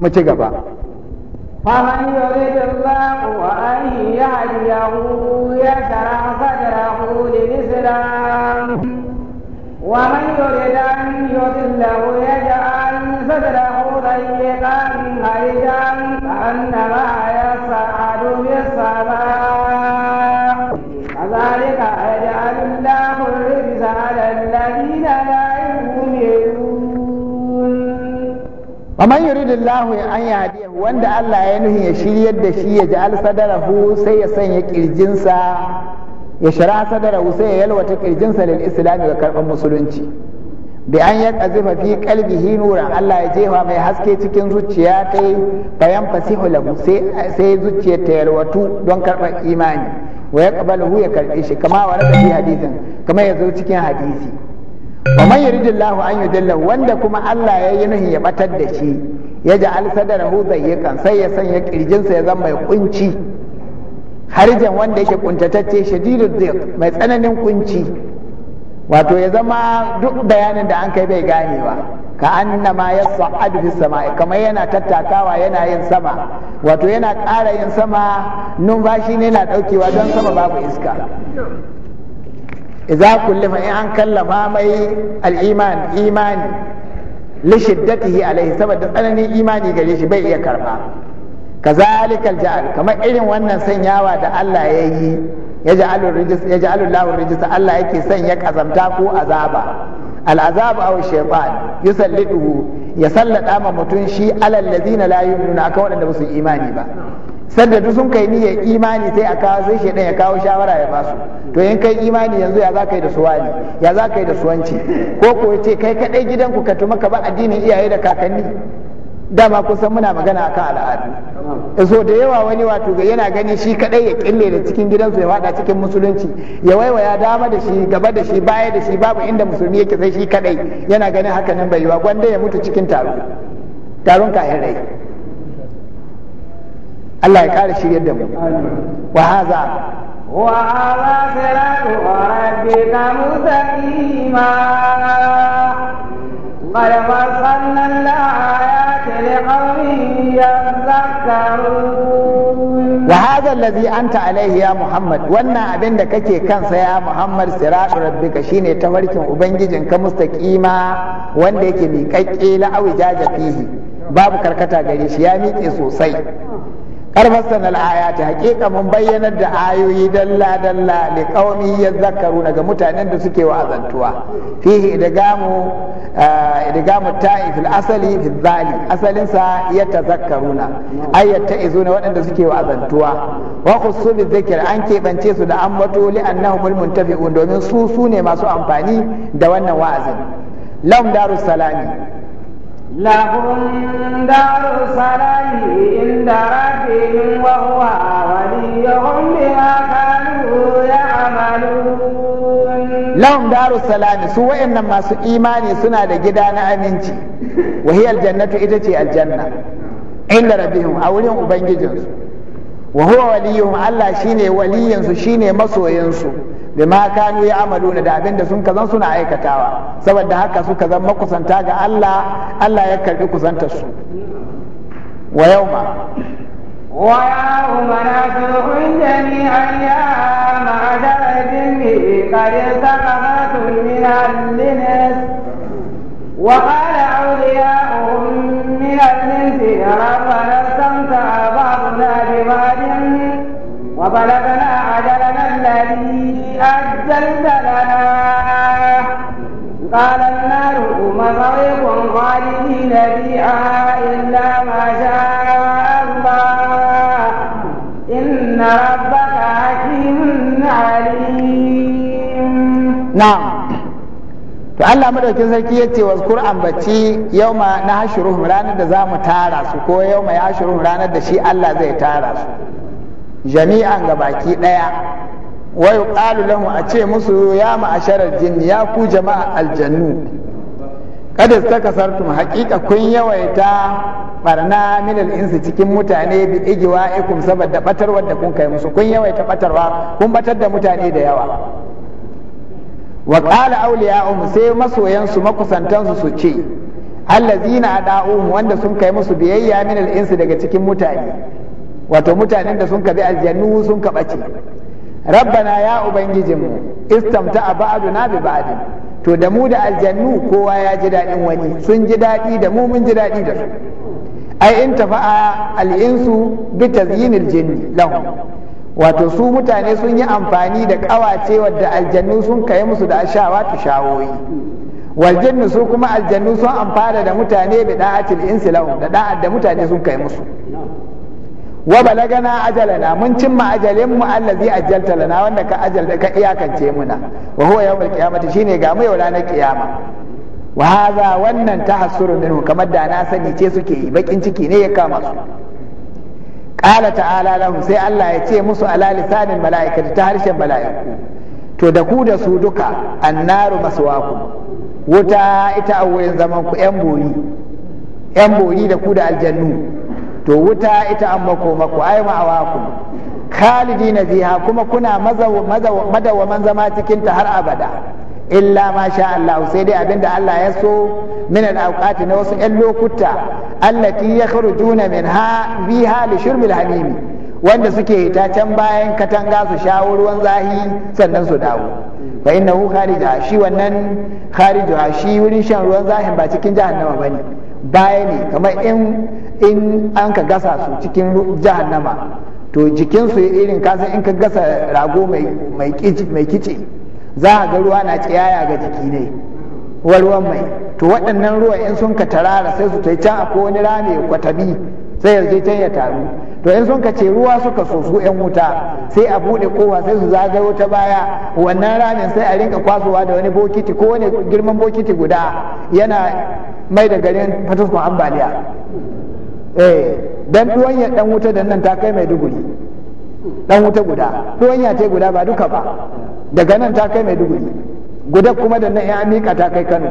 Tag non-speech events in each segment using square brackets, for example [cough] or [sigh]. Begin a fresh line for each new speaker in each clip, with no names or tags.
mu ci gaba
فمن يريد الله أن يهديه يشرح صدره للإسلام ومن يريد أن يضله يجعل صدره ضيقا حرجا كأنما يصعد في السماء
wa man yuridillahu an yahdiyahu wanda Allah ya nuhin ya shiryar da shi ya ja'al sadarahu sai ya sanya kirjinsa ya shara sadarahu sai ya yalwata kirjinsa lil islami ga karban musulunci bi an ya kazifa fi qalbihi nuran Allah ya jefa mai haske cikin zuciya ta yi bayan fasihu sai zuciya ta yalwatu don karɓar imani wa ya qabalahu ya karɓe shi kama wa rabbi hadisin kama ya zo cikin hadisi wa man yuridillahu an yudilla wanda kuma Allah ya yi nuhin ya batar da shi ya ja'al sadarahu dayyikan sai ya sanya kirjinsa ya zama mai kunci harjan wanda yake kuntatacce shadidud dhiq mai tsananin kunci wato ya zama duk bayanin da an kai bai ganewa ka annama ya sa'adu fi sama'i kamar yana tattakawa yana yin sama wato yana kara yin sama numfashi ne na ɗaukewa don sama babu iska idza kullima in an kallafa mai al-iman imani li shiddatihi alaihi saboda tsananin imani gare shi bai iya karba kazalikal ja'al kamar irin wannan sanyawa da Allah ya yi ya ja'alu rijis ya ja'alu lahu rijis Allah yake sanya kazamta ko azaba al'azab aw shaytan yusalliduhu ya sallada ma mutun shi alal ladina la yu'minuna akan wadanda ba su imani ba sanda duk sun kai niyyar imani sai a kawo sai shi ya kawo shawara ya basu to in kai imani yanzu ya za ka yi da suwani ya za ka yi da suwanci ko ko ce kai kadai gidanku ka tuma ka ba addinin iyaye da kakanni dama kusan muna magana akan al'adu so da yawa wani wato ga yana gani shi kadai ya kille da cikin gidansu ya fada cikin musulunci ya waiwaya dama da shi gaba da shi baya da shi babu inda musulmi yake sai shi kadai yana ganin haka nan bai wa, gwanda ya mutu cikin taro taron kahirai Allah ya kare shiryar da mu wa haza
wa ala siratu rabbika mustaqima qad fasalna al-ayati liqawmin yadhakkarun wa hadha alladhi
anta alayhi ya muhammad wannan abin da kake kansa ya muhammad siratu rabbika shine tawarkin ubangijin ka mustaqima wanda yake miƙaƙƙe la'awi jaja fihi babu karkata gare shi ya miƙe sosai karfasan al'ayata haƙiƙa mun bayyanar da ayoyi dalla dalla li qaumi yadhakkaruna ga mutanen da suke wa'azantuwa fihi idgamu idgamu ta'i fil asali fil zali asalin sa yatazakkaruna ay yataizuna waɗanda suke wa'azantuwa wa khussu bi dhikr an keɓance su da ambato li annahumul muntafi'un domin su su ne masu amfani da wannan wa'azin lam darus salami لكم
دار السلام عند ربهم وهو وليهم بما كانوا يعملون لهم
دار السلام سوى إن ما إيماني سنة جدان أمينتي وهي الجنة إتتي الجنة عند ربهم أولهم أبنجي جنسو wa huwa waliyuhum Allah shine waliyin su shine masoyin su bima kanu na da abinda sun kazan suna aikatawa saboda haka suka zan makusanta ga Allah Allah ya karbi kusantar su wa ma.
wa na nad'u jami'an ya ma'adar jinni qad saqamatun min al-nas wa qala awliya'uhum min al-nas na'am
to Allah madaukin sarki ya ce bacci yau ma na hashuruhum ranar da za mu tara su ko yauma ya hashuruhum ranar da shi Allah zai tara su jami'an ga baki daya wa yuqalu a ce musu ya ma'asharal jinni ya ku jama'a aljannu kada ta tun haƙiƙa kun yawaita barna insu cikin mutane bi igiwa ikum saboda batarwar da kun kai musu kun yawaita batarwa kun batar da mutane da yawa wa qala awliya'uhum sai masoyansu makusantansu su ce allazina ada'uhum wanda sun kai musu biyayya min al daga cikin mutane wato mutanen da sun kabi aljannu sun kabace rabbana ya ubangijinmu istamta'a ba'duna bi ba'din to da mu da aljannu kowa ya ji daɗin wani sun ji daɗi da mu mun ji daɗi da su ai in tafa'a a insu bi tazyinil jinni wato su mutane sun yi amfani da ƙawace wadda aljannu sun kai musu da ashawa ta shawoyi. waljannu su kuma aljannu sun amfana da mutane bi da'atil insi da da'at da mutane sun kai musu wa balagana ajalana mun cimma ajalin mu allazi ajjalta lana wanda ka ajal ka iyakance muna wa huwa yawmul qiyamati shine ga mu ranar kiyama wa hadha wannan tahassurun kamar da na sani ce suke yi bakin ciki ne ya kama su Ƙala ta'ala lahu sai Allah ya ce musu ala lisanin mala'ikati ta harshen mala'iku to da ku da su duka annaru maswaku wuta ita a wurin zaman ku yan bori yan bori da ku da aljannu to wuta ita an mako mako ai ma'awaku khalidina ziha kuma kuna mazaw madawaman zama cikin har abada illa ma sha Allah sai dai abinda Allah ya so min al-awqati na wasu ƴan lokuta allati yakhrujuna minha biha li shurbil hamimi wanda suke hita can bayan katanga su shawo ruwan zahi sannan su dawo fa innahu kharija shi wannan kharija shi wurin shan ruwan zahin ba cikin jahannama bane baya ne kamar in in an ka gasa su cikin jahannama to jikinsu irin kasan in ka gasa rago mai kici za a ga ruwa na tsiyaya ga jiki ne ruwan mai to waɗannan ruwa in sun ka tarara sai su ta can a ko wani rami kwatami sai yanzu can ya taru to in sun ka ce ruwa suka so su yan wuta sai a buɗe kowa sai su zagayo ta baya wannan ramin sai a rinka kwasowa da wani bokiti ko wani girman bokiti guda yana mai da garin fatuskun ambaliya eh dan ruwan ya dan wuta da nan ta kai mai duguri dan wuta guda ruwan ya ta guda ba duka ba daga nan ta kai maiduguri guda kuma da na ya mika ta kai kano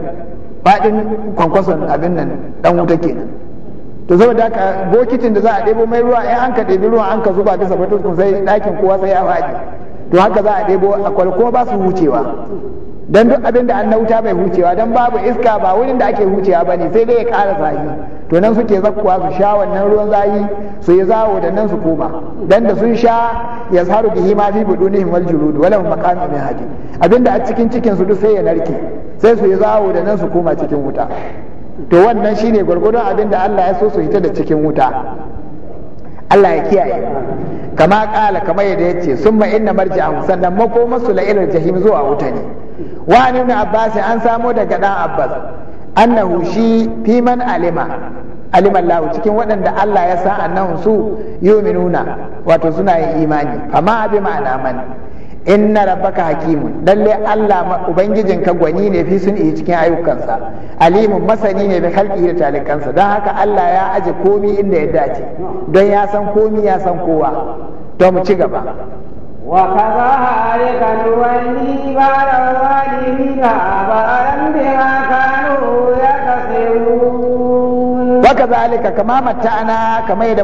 faɗin kwankwason abin nan dan wuta ke nan, to da ka bokitin da za a ɗebo mai ruwa in an ka ɗebi ruwa an ka zuba bisa batutkun sai ɗakin kowa sai ya faɗi to haka za a ɗebo akwai kuma ba su wucewa dan duk abin da an na wuta bai hucewa dan babu iska ba wurin da ake hucewa ba ne sai dai ya kara zahi to nan suke zakkuwa su sha wannan ruwan zahi su yi zawo da nan su koma dan da sun sha ya saru bihi ma fi buduni wal julud wala maqami min hadi abin da a cikin cikin su duk sai ya narke sai su yi zawo da nan su koma cikin wuta to wannan shine gwargwadon abin da Allah ya so su hita da cikin wuta Allah ya kiyaye kama kala kamar yadda ya ce summa inna marji'ahum sannan makomar la ilal jahim zuwa wuta ne wa an na abbas an samo daga dan abbas annahu shi fi man alima aliman lahu cikin waɗanda Allah ya sa annahum su yuminuna wato suna yin imani amma abi ma'ana man inna rabbaka hakimun lalle Allah ka gwani ne fi sun yi cikin ayyukansa alimun masani ne bi khalqi da talikansa don haka Allah ya aje komi inda ya dace don ya san komi ya san kowa to mu ci gaba
وكذلك نولي بعض الظالمين بعضا بما كانوا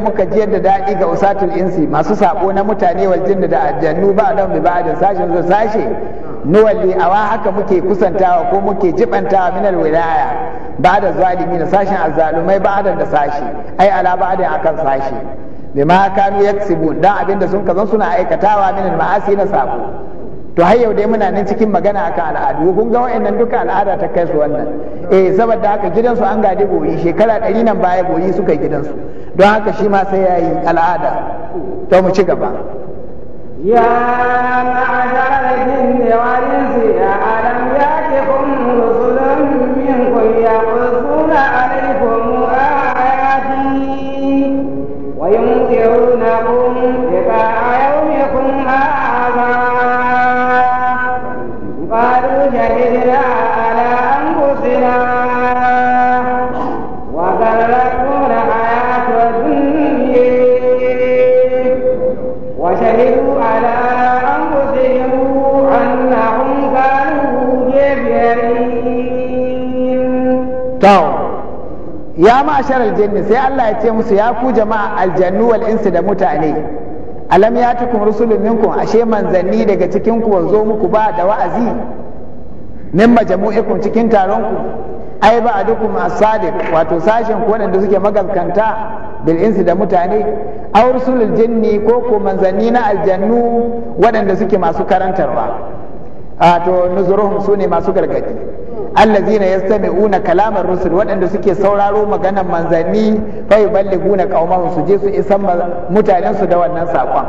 muka jiyar da daɗi ga usatul insi masu sako na mutane wal da aljannu ba dan bi ba'da sashin da sashe nuwalli awa haka muke kusantawa ko muke jibantawa minal wilaya ba da zalimi na sashin azzalumai ba da sashi ai ala ba akan sashi bima kanu yaksibun dan da sun zan suna aikatawa min ma'asi na sabo to har yau dai muna nan cikin magana akan al'adu kun ga wayannan duka al'ada ta kai su wannan eh saboda haka gidansu an gadi goyi shekara ɗari nan baya goyi suka yi gidansu don haka shi ma sai yayi al'ada to mu ci gaba
ya ma'azara jinni ya
ma'asharal jinni sai Allah ya ce musu ya ku jama'a aljannu wal insu da mutane alam ya tukum rusulun minkum ashe manzanni daga cikin ku zo muku ba da wa'azi min kun cikin taron ku ai ba adukum as-sadiq wato sashin ku wanda suke magaskanta bil insu da mutane aw rusulul jinni ko ku manzanni na aljannu wadanda suke masu karantarwa wato nuzuruhum sune masu gargadi allazina yastami'una kalaman rusul waɗanda suke sauraro maganar manzanni fa yuballiguna qaumahum su je su isan mutanen su da wannan sakon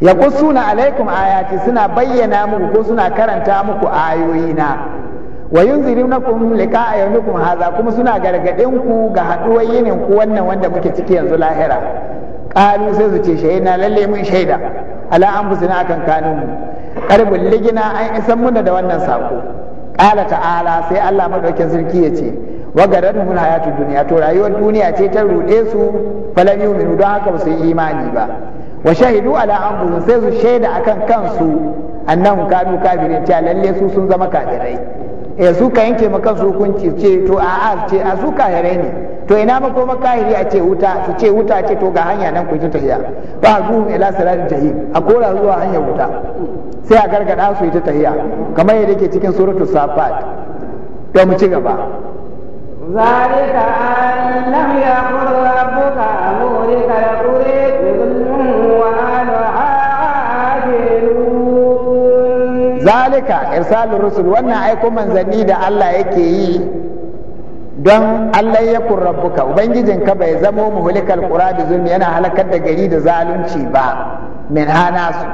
yaqussuna alaikum ayati suna bayyana muku ko suna karanta muku ayoyina wa yunzirunakum liqa'a yawmikum hadha kuma suna gargadin ku ga haduwar yinin ku wannan wanda muke ciki yanzu lahira qalu sai su ce na lalle mun shaida ala anfusina akan kanun mu karbin ligina an isan muna da wannan sako ƙala ta'ala sai Allah madaukakin sarki ya ce wa garadun mun duniya to rayuwar duniya ce ta ruɗe su falan yu'minu don haka ba su yi imani ba wa shahidu ala anfusihim sai su shaida akan kansu annahum kanu kafirin ta lalle su sun zama kafirai ya eh, suka yanke maka su hukunci ce to a ce a su kahirai ne to ina ba ko makahiri a ce wuta su ce wuta ce to ga hanya nan ku ji tahiya ba zuhum ila salatin jahim a kora zuwa hanya wuta sai a gargada su ita ta tahiya kamar yadda ke cikin suratul safat to mu ci gaba
zalika an lam
zalika irsalur rusul wannan aiko manzanni da Allah yake yi don Allah ya rabbuka ka bai zamo muhulikal qura bi zulmi yana halakar da gari da zalunci ba min hana su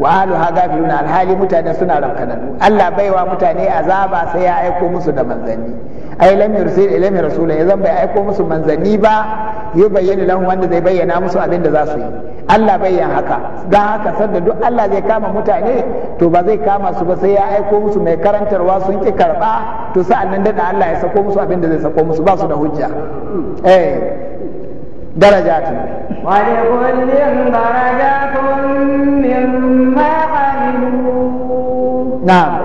wa ahlu hadafiruna alhali mutane suna rankananu Allah baiwa mutane azaba sai ya aiko musu da manzanni ai lam yursil ilayhi rasulun yazan bai aiko musu manzanni ba ya bayyana lahu wanda zai bayyana musu abin da za su yi Allah bayyan haka dan haka sanda duk Allah zai kama mutane to ba zai kama su ba sai ya aiko musu mai karantarwa sun ki karba to sa'an nan Allah ya sako musu abin da zai sako musu ba su da hujja eh darajatun
wa li kullin darajatun mimma na'am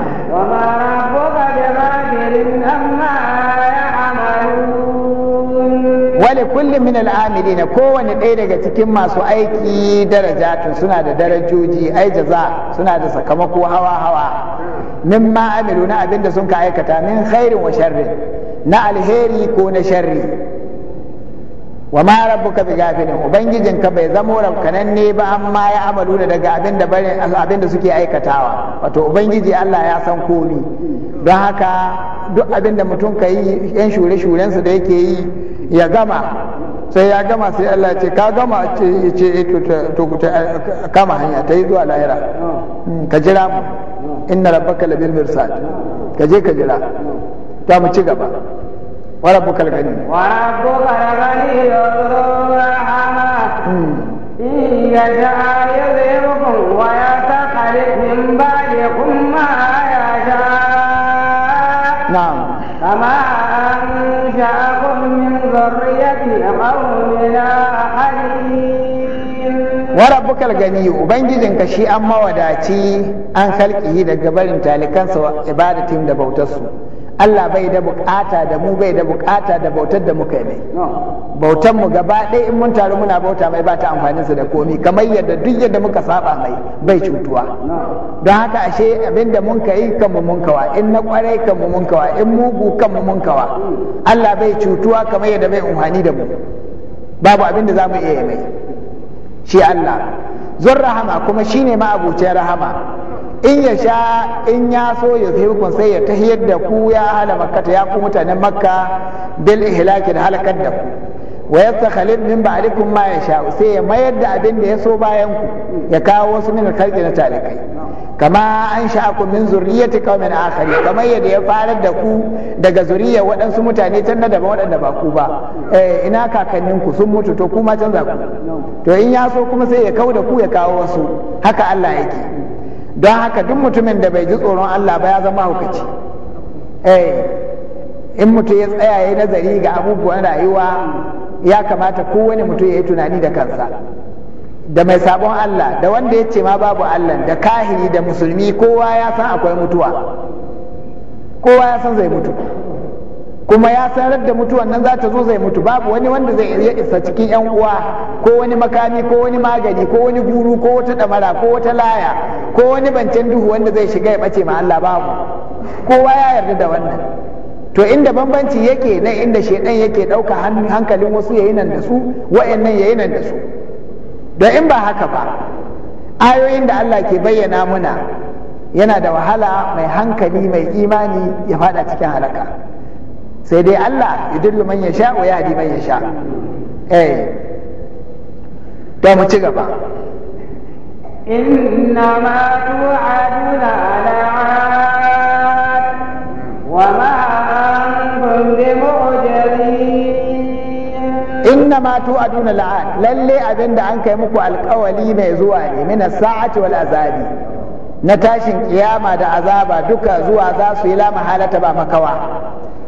wale
kullum min al'amili na kowane ɗaya daga cikin masu aiki darajatun suna da darajoji ai jaza suna da sakamako hawa hawa min ma na abin da sun ka aikata min khairin wa sharrin na alheri ko na sharri wa ma rabbuka bi gafilin ka bai zamo rabkananne ba amma ya amalu da daga abin da abin da suke aikatawa wato ubangiji Allah ya san komi don haka duk abin da mutum ka yi yan shure shurensa da yake yi ya gama sai ya gama sai Allah ce ka gama ce ya ce eh, to ku ta kama hanya ta yi zuwa lahira hmm. ka jira mu inna rabbaka labil mirsad ka je ka jira ta mu ci gaba wa rabbuka al-ghani wa rabbuka al-ghani
wa rahama hmm. in yasha
rabbukal gani ubangijin ka shi an mawadaci an halƙihi daga barin talikansa wa ibadatin da bautar su Allah bai da bukata da mu bai da bukata da bautar da muka mai bautar mu gaba ɗaya in mun taru muna bauta mai ba ta amfanin su da komi kamar yadda duk yadda muka saba mai bai cutuwa don haka ashe abinda mun kai kan mu mun kawa in na kwarai kan mu mun kawa in mugu kan mu mun kawa mm. Allah bai cutuwa kamar yadda bai umhani da mu babu abin da za mu iya mai shi Allah zon rahama kuma shi ne ma'abucin rahama in ya sha in ya so ya hukun sai ya tahiyar da ku ya hala makkata ya ku mutanen makka bil ihlaki da halakar da ku wa khalid min ba'dikum ma sha sai ya mayar da abin da ya so bayan ku ya kawo wasu min kalki na talikai kama an sha'aku min zurriyyati qaumin akhari kamar yadda ya farar da ku daga zuriya waɗansu mutane can na daban waɗanda ba ku ba eh, ina kakannin ku sun mutu to ku ma canza ku to in ya so kuma sai ya kau da ku ya kawo wasu haka Allah yake don haka duk mutumin da bai ji tsoron Allah ba ya zama hukaci eh, in mutu ya tsaya ya nazari ga abubuwan rayuwa ya kamata kowane mutum ya yi tunani da kansa da mai sabon Allah da wanda ya ce ma babu Allah da kahiri da musulmi kowa ya san akwai mutuwa kowa ya san zai mutu kuma ya san da mutuwan nan za ta zo zai mutu babu wani wanda zai iya isa cikin yan uwa ko wani makami ko wani magani ko wani guru ko wata damara ko wata laya ko wani bancen duhu wanda zai shiga ya bace ma Allah babu kowa ya yarda da wannan to inda bambanci yake nan, inda shedan yake dauka hankalin wasu yayi nan da su wa'annan yayi nan da su don in ba haka ba ayoyin da Allah ke bayyana muna yana da wahala mai hankali mai imani ya fada cikin halaka sai dai Allah ya dillu man ya sha wa di man ya sha eh da mu ci gaba
inna ma tu'aduna ala inna ma
aduna la'an lalle abin da an kai muku alkawali mai zuwa ne min sa'ati wal azabi na tashin kiyama da azaba duka zuwa za su yi la mahalata ba makawa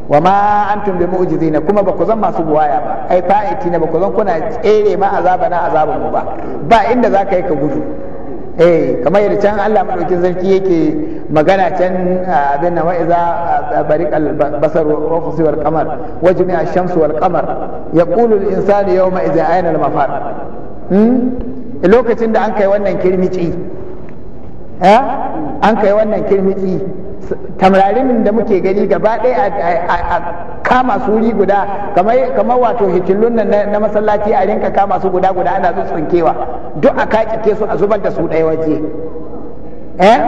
wa ma antum bi mu'jizina kuma ba ku zan masu buwaya ba ai fa'iti ne ba ku zan kuna tsere ma azaba na azabun mu ba ba inda za ka yi ka gudu eh kamar yadda can Allah madaukin sarki yake magana can abin nan wa'iza bariqal basar wa fusiwar qamar wa jami'a shamsu wal qamar yaqulu al insanu yawma idza ayna al mafar hmm? lokacin da an kai wannan kirmici eh? an kai wannan kirmici tamrarimin da muke gani gaba ɗaya a kama su wuri guda kamar wato hitillun nan na masallaci a rinka kama su guda guda ana tsinkewa duk a kakike su a zubar da su ɗaya waje eh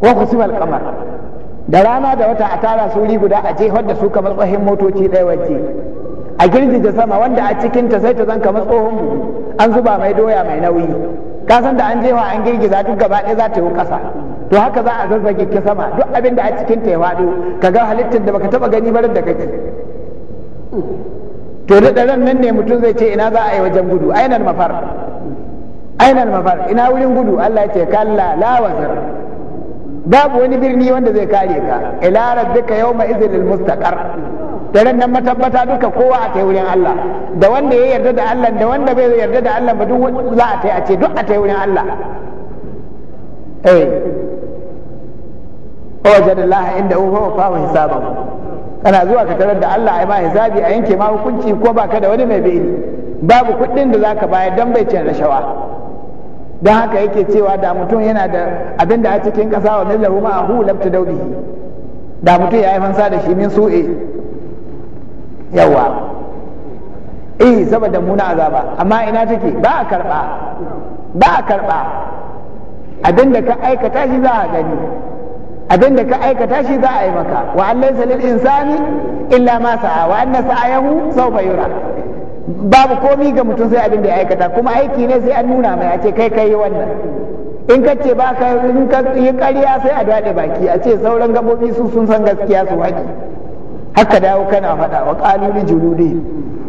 wa kusimal kamar da rana da wata a tara su wuri guda a jefar da su kamar tsohon motoci ɗaya waje a girgije sama wanda a cikinta sai ta zan kamar tsohon an zuba mai doya mai nauyi ka san da an je wa an girgiza duk gaba ɗaya za ta yi ƙasa to haka za a zazzage ki sama duk abin da a cikin ta ya faɗo ka ga halittar da baka taba gani barin da kake to da ran nan ne mutum zai ce ina za a yi wajen gudu ainal mafar ainal mafar ina wurin gudu Allah ya ce kalla la wazar babu wani birni wanda zai kare ka ila yau ma izinin mustaqar daren nan matabbata duka kowa a tai wurin Allah da wanda ya yarda da Allah da wanda bai yarda da Allah ba duk za a tai a ce duk a tai wurin Allah eh wajada Allah inda uwa fa wa hisaban kana zuwa ka tarar da Allah ai ma hisabi a yanke ma hukunci ko baka da wani mai beli babu kuɗin da zaka bayar dan bai cin rashawa don haka yake cewa da mutum yana da abin da a cikin kasa wa min ma hu lam tadawbihi da mutum ya yi fansa da shi min su'e yawa eh saboda muna azaba amma ina take ba a karba ba a karba abinda ka aikata shi za a gani abinda ka aikata shi za a yi maka wa an laysa lil insani illa ma sa'a wa anna sa'ayahu sawfa yura babu komi ga mutum sai abinda da ya aikata kuma aiki ne sai an nuna mai a ce kai kai wannan in ka ce ba ka in yi ƙarya sai a daɗe baki a ce sauran gabobi su sun san gaskiya su waje. haka dawo kana faɗa wa qalu juludi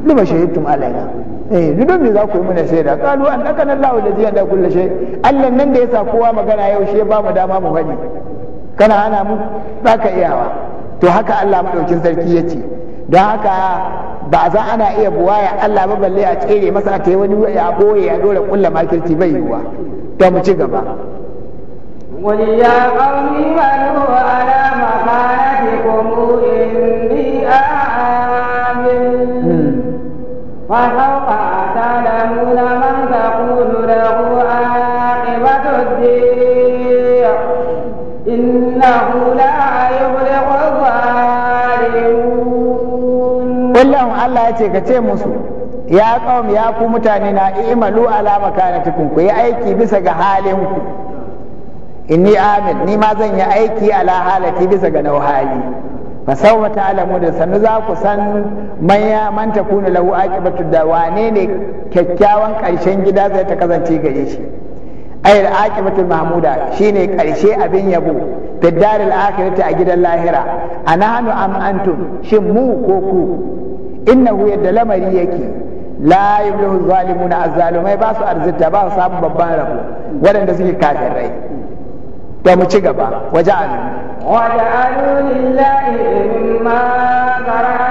lima shahidtum alaina eh dudun me za ku yi mana shaida qalu an nan dakana da allazi da kullu shay Allah nan da yasa kowa magana yau shi ba mu dama mu faɗi kana ana mu baka iyawa to haka Allah madaukin sarki ya ce. don haka ba za ana iya buwaya Allah ba balle a tsere masa ta yi wani ya boye ya dora kulla makirci bai yiwuwa to mu ci gaba
ya فسوف تعلمون من تقول له عاقبة الدين إنه لا يفلح
الظالمون قل لهم الله ya kawam ya ku mutane na imalu ala makanatikum ku ya aiki bisa ga halin ku inni amin ni ma zan yi aiki ala halati bisa ga nauhali fa sawfa ta'lamu da sannu za ku san man ya man takunu lahu aqibatu da wane ne kyakkyawan ƙarshen gida zai ta kasance gare shi ayar aqibatu mahmuda shine karshe abin yabo fi daril akhirati a gidan lahira anahnu am antum shin mu ko ku innahu yadda lamari yake la yabluhu na azzalumai ba su arzita ba su samu babban rabo waɗanda suke kafirai to mu ci gaba waje alu waje alu lillahi
mimma zara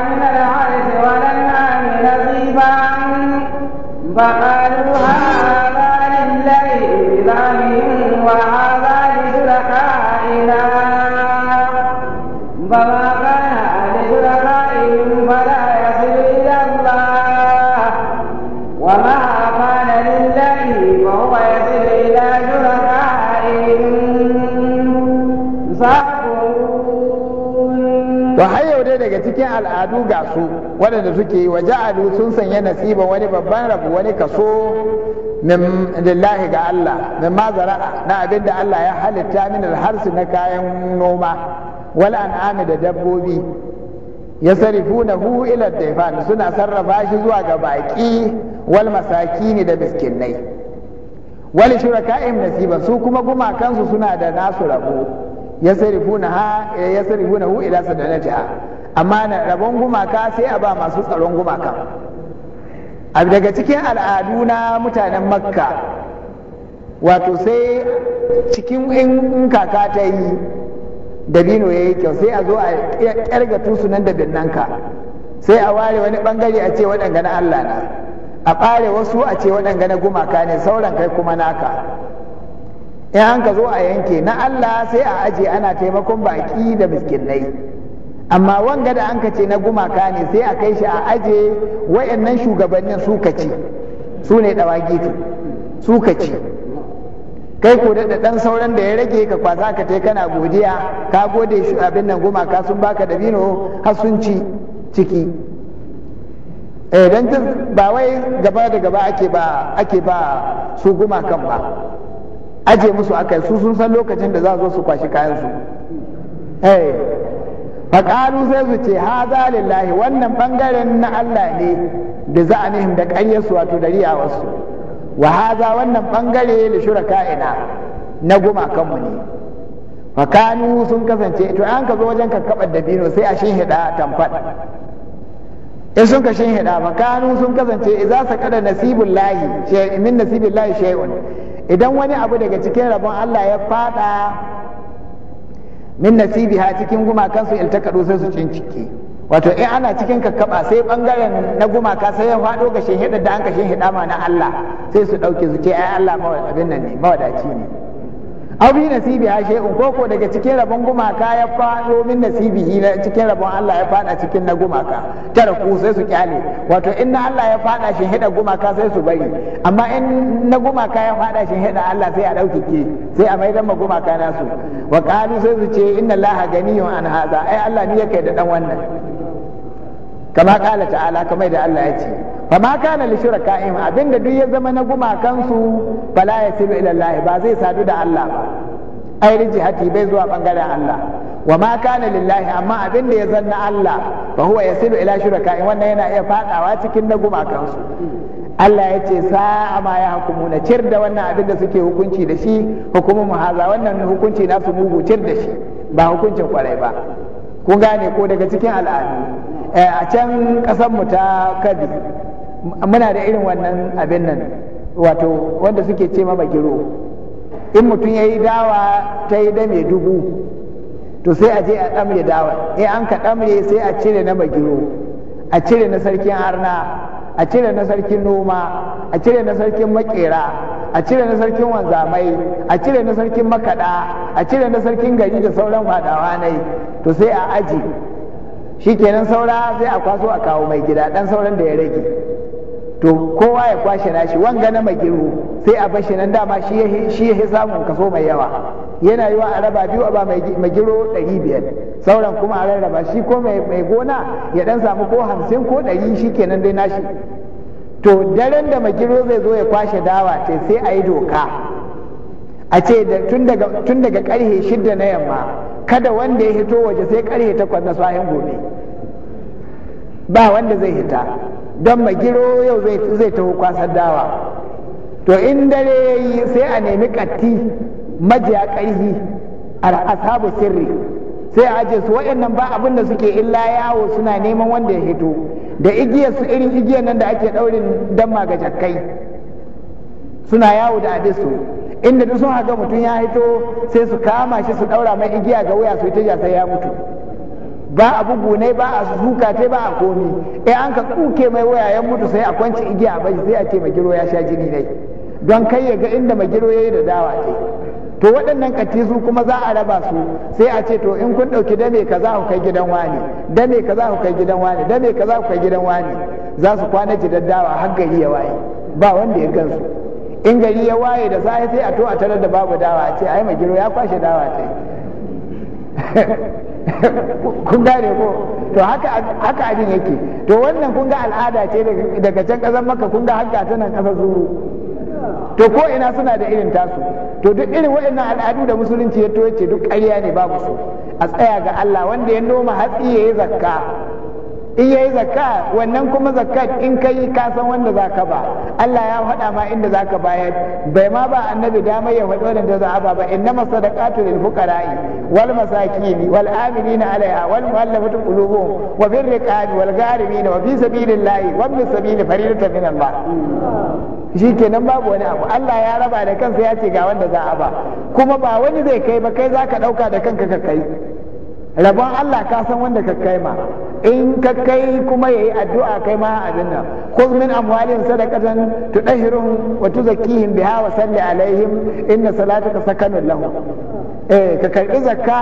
cikin al'adu ga su waɗanda suke yi wa ja'alu sun sanya nasiba wani babban rabu wani kaso lillahi ga Allah min mazara na abin da Allah ya halitta min harsu na kayan noma wal an'ami da dabbobi ya na hu ila daifan suna sarrafa shi zuwa ga baƙi wal masakini da miskinai wal shuraka'im nasiba su kuma gumakansu suna da nasu rabo ya sarrifuna ha ya hu ila sadanatiha amma na rabon gumaka sai a ba masu tsaron gumaka a daga cikin al'adu na mutanen makka wato sai cikin in kaka ta yi dabino ya yi kyau sai a zo a ƙyarga tusunan da binnanka sai a ware wani bangare a ce waɗanga na allah na a ɓare wasu a ce waɗanga na gumaka ne sauran kai kuma naka in an zo a yanke na allah sai a ajiye ana taimakon baƙi da miskinai amma wanga da an ce na gumaka ne sai a kai shi a aje wayannan shugabannin su ci su ne su su ci kai ko da dan sauran da ya rage ka kwasa ka tai kana godiya ka gode shi abin nan gumaka sun baka dabino har sun ci ciki eh dan ba wai gaba da gaba ake ba ake ba su gumakan ba aje musu akai su sun san lokacin da za su kwashi kayan su eh faƙaru sai su ce ha lillahi wannan ɓangaren na Allah ne da za a nihim da su wato da riyawarsu wa haza wannan ɓangare da shuraka'ina na gumakanmu ne fakanu sun kasance to an ka zo wajen kakkaɓar dabino sai a hida tamfad in sun ka hida fakanu sun kasance za su kada nasibin lahi min nasibin lahi shay'un idan wani abu daga cikin rabon Allah ya fada min ha cikin gumakan su iltakadu sai su cincike wato in ana cikin kakkaba sai bangaren na gumaka sai ya faɗo ga shehida da an ka shehida ma na Allah sai su ɗauke su ce ai Allah abin nan mawadaci ne aw nasibi ha shay'un koko daga cikin rabon gumaka ya faɗo min nasibihi na cikin rabon Allah ya faɗa cikin na gumaka tara ku sai su kyale wato in na Allah ya faɗa shi hida gumaka sai su bari amma in na gumaka ya faɗa shi hida Allah sai a ke sai a mai ma gumaka nasu wa qalu sai su ce inna Allah ganiyun an haza ai Allah ne yake da ɗan wannan kama kala ta'ala kamar da Allah ya ce fa ma kana li shuraka'im abinda duk ya zama na gumakan su fala yasilu ila Allah ba zai sadu da Allah ba ai rijihati bai zuwa bangaren Allah wa ma kana lillahi amma abinda ya zanna Allah fa huwa yasilu ila shuraka'im wannan yana iya fadawa cikin na gumakan su Allah ya ce sa'a ma ya hukumu na cir da wannan abin da suke hukunci da shi hukumu haza wannan hukunci na su mugu cir da shi ba hukuncin kwarai ba kun gane ko daga cikin al'adu eh, a can kasar mu ta kadi. muna da irin wannan abin nan wato wanda suke ce ma giro in mutum ya yi dawa ta yi dame dubu to sai a je a ɗamre dawa in an ka ɗamre sai a cire na magiro a cire na sarkin arna a cire na sarkin noma a cire na sarkin makera a cire na sarkin wanzamai a cire na sarkin makada a cire na sarkin gari da sauran fadawa nai to sai a aji shikenan saura sai a kwaso a kawo mai gida ɗan sauran da ya rage to kowa ya kwashe nashi wanga na magiro sai a bashi nan dama shi ya samun kaso mai yawa yana yiwa a raba biyu a ba magiro ɗari biyar sauran kuma a rarraba shi ko mai gona ya dan samu ko hamsin ko ɗari shi kenan dai nashi to daren da magiro zai zo ya kwashe dawa ce sai a yi doka a ce tun daga karhe shidda na yamma kada wanda ya hito waje sai karhe takwas na sahin gobe ba wanda zai hita don magiro yau zai taho kwasar dawa to in dare ya sai a nemi ƙatti majiya ƙarfi asabu sirri sai a su waɗannan ba abin da suke illa yawo suna neman wanda ya hito da igiyar su irin igiyar nan da ake ɗaurin don ga jakkai suna yawo da adisu inda duk sun haga mutum ya hito sai su kama shi su ɗaura mai igiya ga wuya su ita sai ya mutu ba a bugu ne ba a suka ce ba a komi eh an ka kuke mai waya ya mutu sai a kwanci igiya ba sai a ce magiro ya sha jini ne don kai ya ga inda magiro yayi da dawa ce to waɗannan katisu kuma za a raba su sai a ce to in kun ɗauki dame kaza ku kai gidan wani dame kaza ku kai gidan wani dame kaza ku kai gidan wani za su kwana ji dawa har gari ya waye ba wanda ya gansu in gari ya waye da safe sai a to a tarar da babu dawa a ce ai magiro ya kwashe dawa ce [laughs] kun gane ko to haka haka abin yake to wannan kun ga al'ada ce daga can kasar maka kun ga haka ta nan kasar zuru to ko ina suna da irin tasu to duk irin waɗannan al'adu da musulunci ya yace duk ƙarya ne babu su a tsaya ga Allah wanda ya noma hatsi ya yi zakka in yayi zakka wannan kuma zakka in kai ka san wanda zaka ba Allah ya faɗa ma inda zaka bayar bai ma ba annabi damar ya faɗi da za a ba inna innama sadaqatu lil fuqara'i wal masakin wal amilina alaiha wal mu'allafati qulubuhum wa bir riqabi wal gharimin wa fi sabilillahi wa bi sabili fariidatan min Allah shikenan babu wani abu Allah ya raba da kansa ya ce ga wanda za ba kuma ba wani zai kai ba kai zaka dauka da kanka ka kai rabon Allah ka san wanda ka kai ma in ka kai kuma yayi addu'a kai ma abin nan khudh min amwalihim sadaqatan tudahhiruhum wa tuzakkihim biha wa salli alaihim inna salataka sakanun lahum eh ka karbi zakka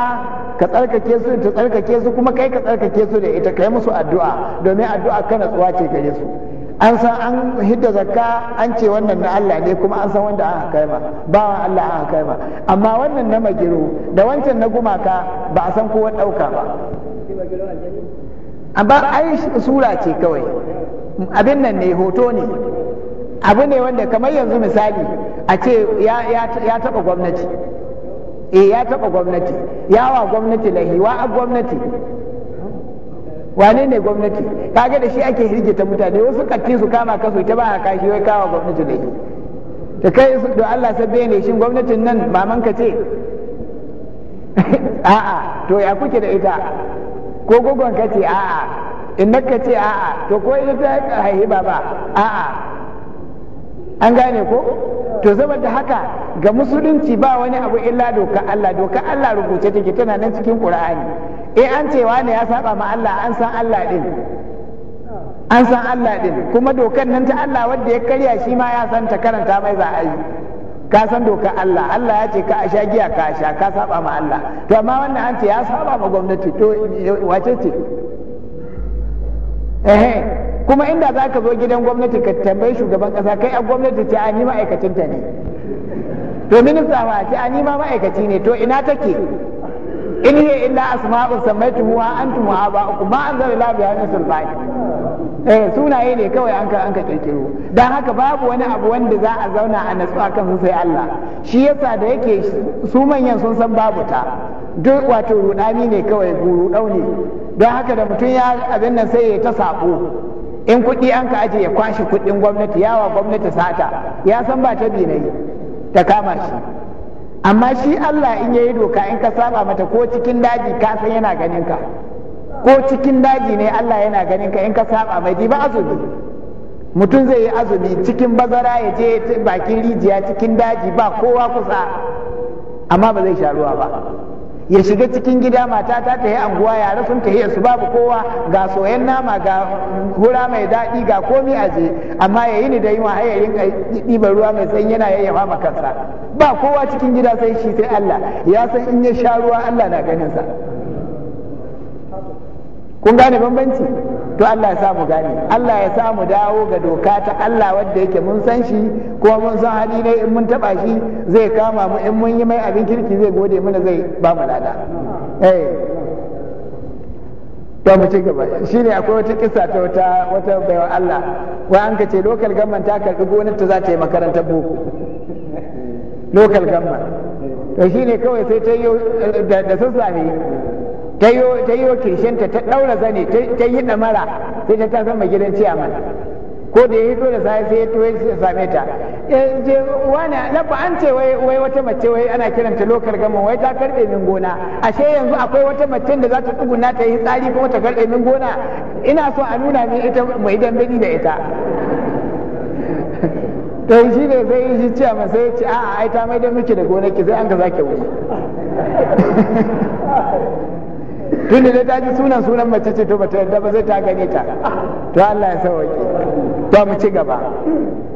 ka tsarkake su ta tsarkake su kuma kai ka tsarkake su da ita kai musu addu'a domin addu'a kana tsuwa ce gare su an san an hidda zakka an ce wannan na Allah ne kuma an san wanda aka kai ba bawan Allah aka kai ba amma wannan na magiro da wancan na gumaka ba a san kowa ɗauka ba amma ai sura ce kawai abin nan ne hoto ne abu ne wanda kamar yanzu misali a ce ya taɓa gwamnati eh ya taɓa gwamnati yawa gwamnati lahiwa a gwamnati wane ne gwamnati kaga da shi ake hirgita mutane wasu katti su kama kasu ita ba a kashi, wai kawo gwamnati ne da kai su da Allah sabbe ne shin gwamnatin nan maman ka ce [laughs] a'a to ya kuke da ita ko gogon ka ce a'a ka ce a'a to ko ita ta haihi baba a'a an gane ko to da haka ga musulunci ba wani abu illa doka Allah doka Allah rubuce take tana nan cikin Qur'ani eh an ce wani ya saba ma Allah an san Allah din an san Allah din kuma dokan nan ta Allah wanda ya karya shi ma ya san ta karanta mai za a yi ka san doka Allah Allah ya ce ka a sha giya ka sha ka saba ma Allah to amma wannan an ce ya saba ma gwamnati to wace ce eh kuma inda za ka zo gidan gwamnati ka tambayi shugaban kasa, kai a gwamnati ce a ni ma'aikacinta ne to minista ba ce a ni ma ma'aikaci ne to ina take in hiya illa asma'u sammaytumuha antum wa aba'ukum ma anzala la biha min eh sunaye ne kawai an ka an ka kirkiro dan haka babu wani abu wanda za a zauna a natsu akan su sai Allah shi yasa da yake su manyan sun san babu ta duk wato rudani ne kawai guru ne don haka da mutum ya abin nan sai ya ta sako in kuɗi an ka aje ya kwashe kuɗin gwamnati yawa gwamnati sata ya san ba ta yi ta kama shi amma shi Allah in yayi doka in ka saba mata ko cikin daji ka san yana ganin ka ko cikin daji ne Allah yana ganin ka in ka saba mai ba azumi mutum zai yi azumi cikin bazara ya je bakin rijiya cikin daji ba kowa kusa amma ba zai sha ruwa ba ya shiga cikin gida mata ta ta yi anguwa yare sun ta su babu kowa ga soyayyen nama ga hura mai daɗi ga komi a je amma ya yi ni da yi wa ya rinka ɗiban ruwa mai sanyi yana yayyafa ma kansa ba kowa cikin gida sai shi sai Allah ya san in ya sha ruwa Allah na ganin sa kun gane bambanci to Allah ya samu gane Allah ya samu dawo ga doka ta Allah wadda yake mun san shi kuma mun san hali ne in mun taba shi zai kama mu in mun yi mai abin kirki zai gode mana zai ba mu lada eh to mu ci gaba shine akwai wata kissa ta wata wata baiwa Allah wai an ka ce local government ta karbi gonar ta za ta yi makarantar boko local government to shine kawai sai ta yi da sassafe ta yi kirshenta ta ɗaura zane ta yi mara sai ta tafi mai gidan ciyaman ko da ya hito da sai sai ya ya same ta je wani labba an ce wai wata mace wai ana kiranta lokar gama wai ta karbe min gona ashe yanzu akwai wata mace da za ta tsuguna ta yi tsari kuma ta karbe min gona ina so a nuna min ita mai dambani da ita [laughs] to shi ne sai yi shi ciya masu ya ce a'a ai ta mai da miki da gonaki sai an ka zake wuce [laughs] tun da ta ji sunan sunan mace ce to bata yadda ba zai ta gane ta to Allah ya sauke to mu ci gaba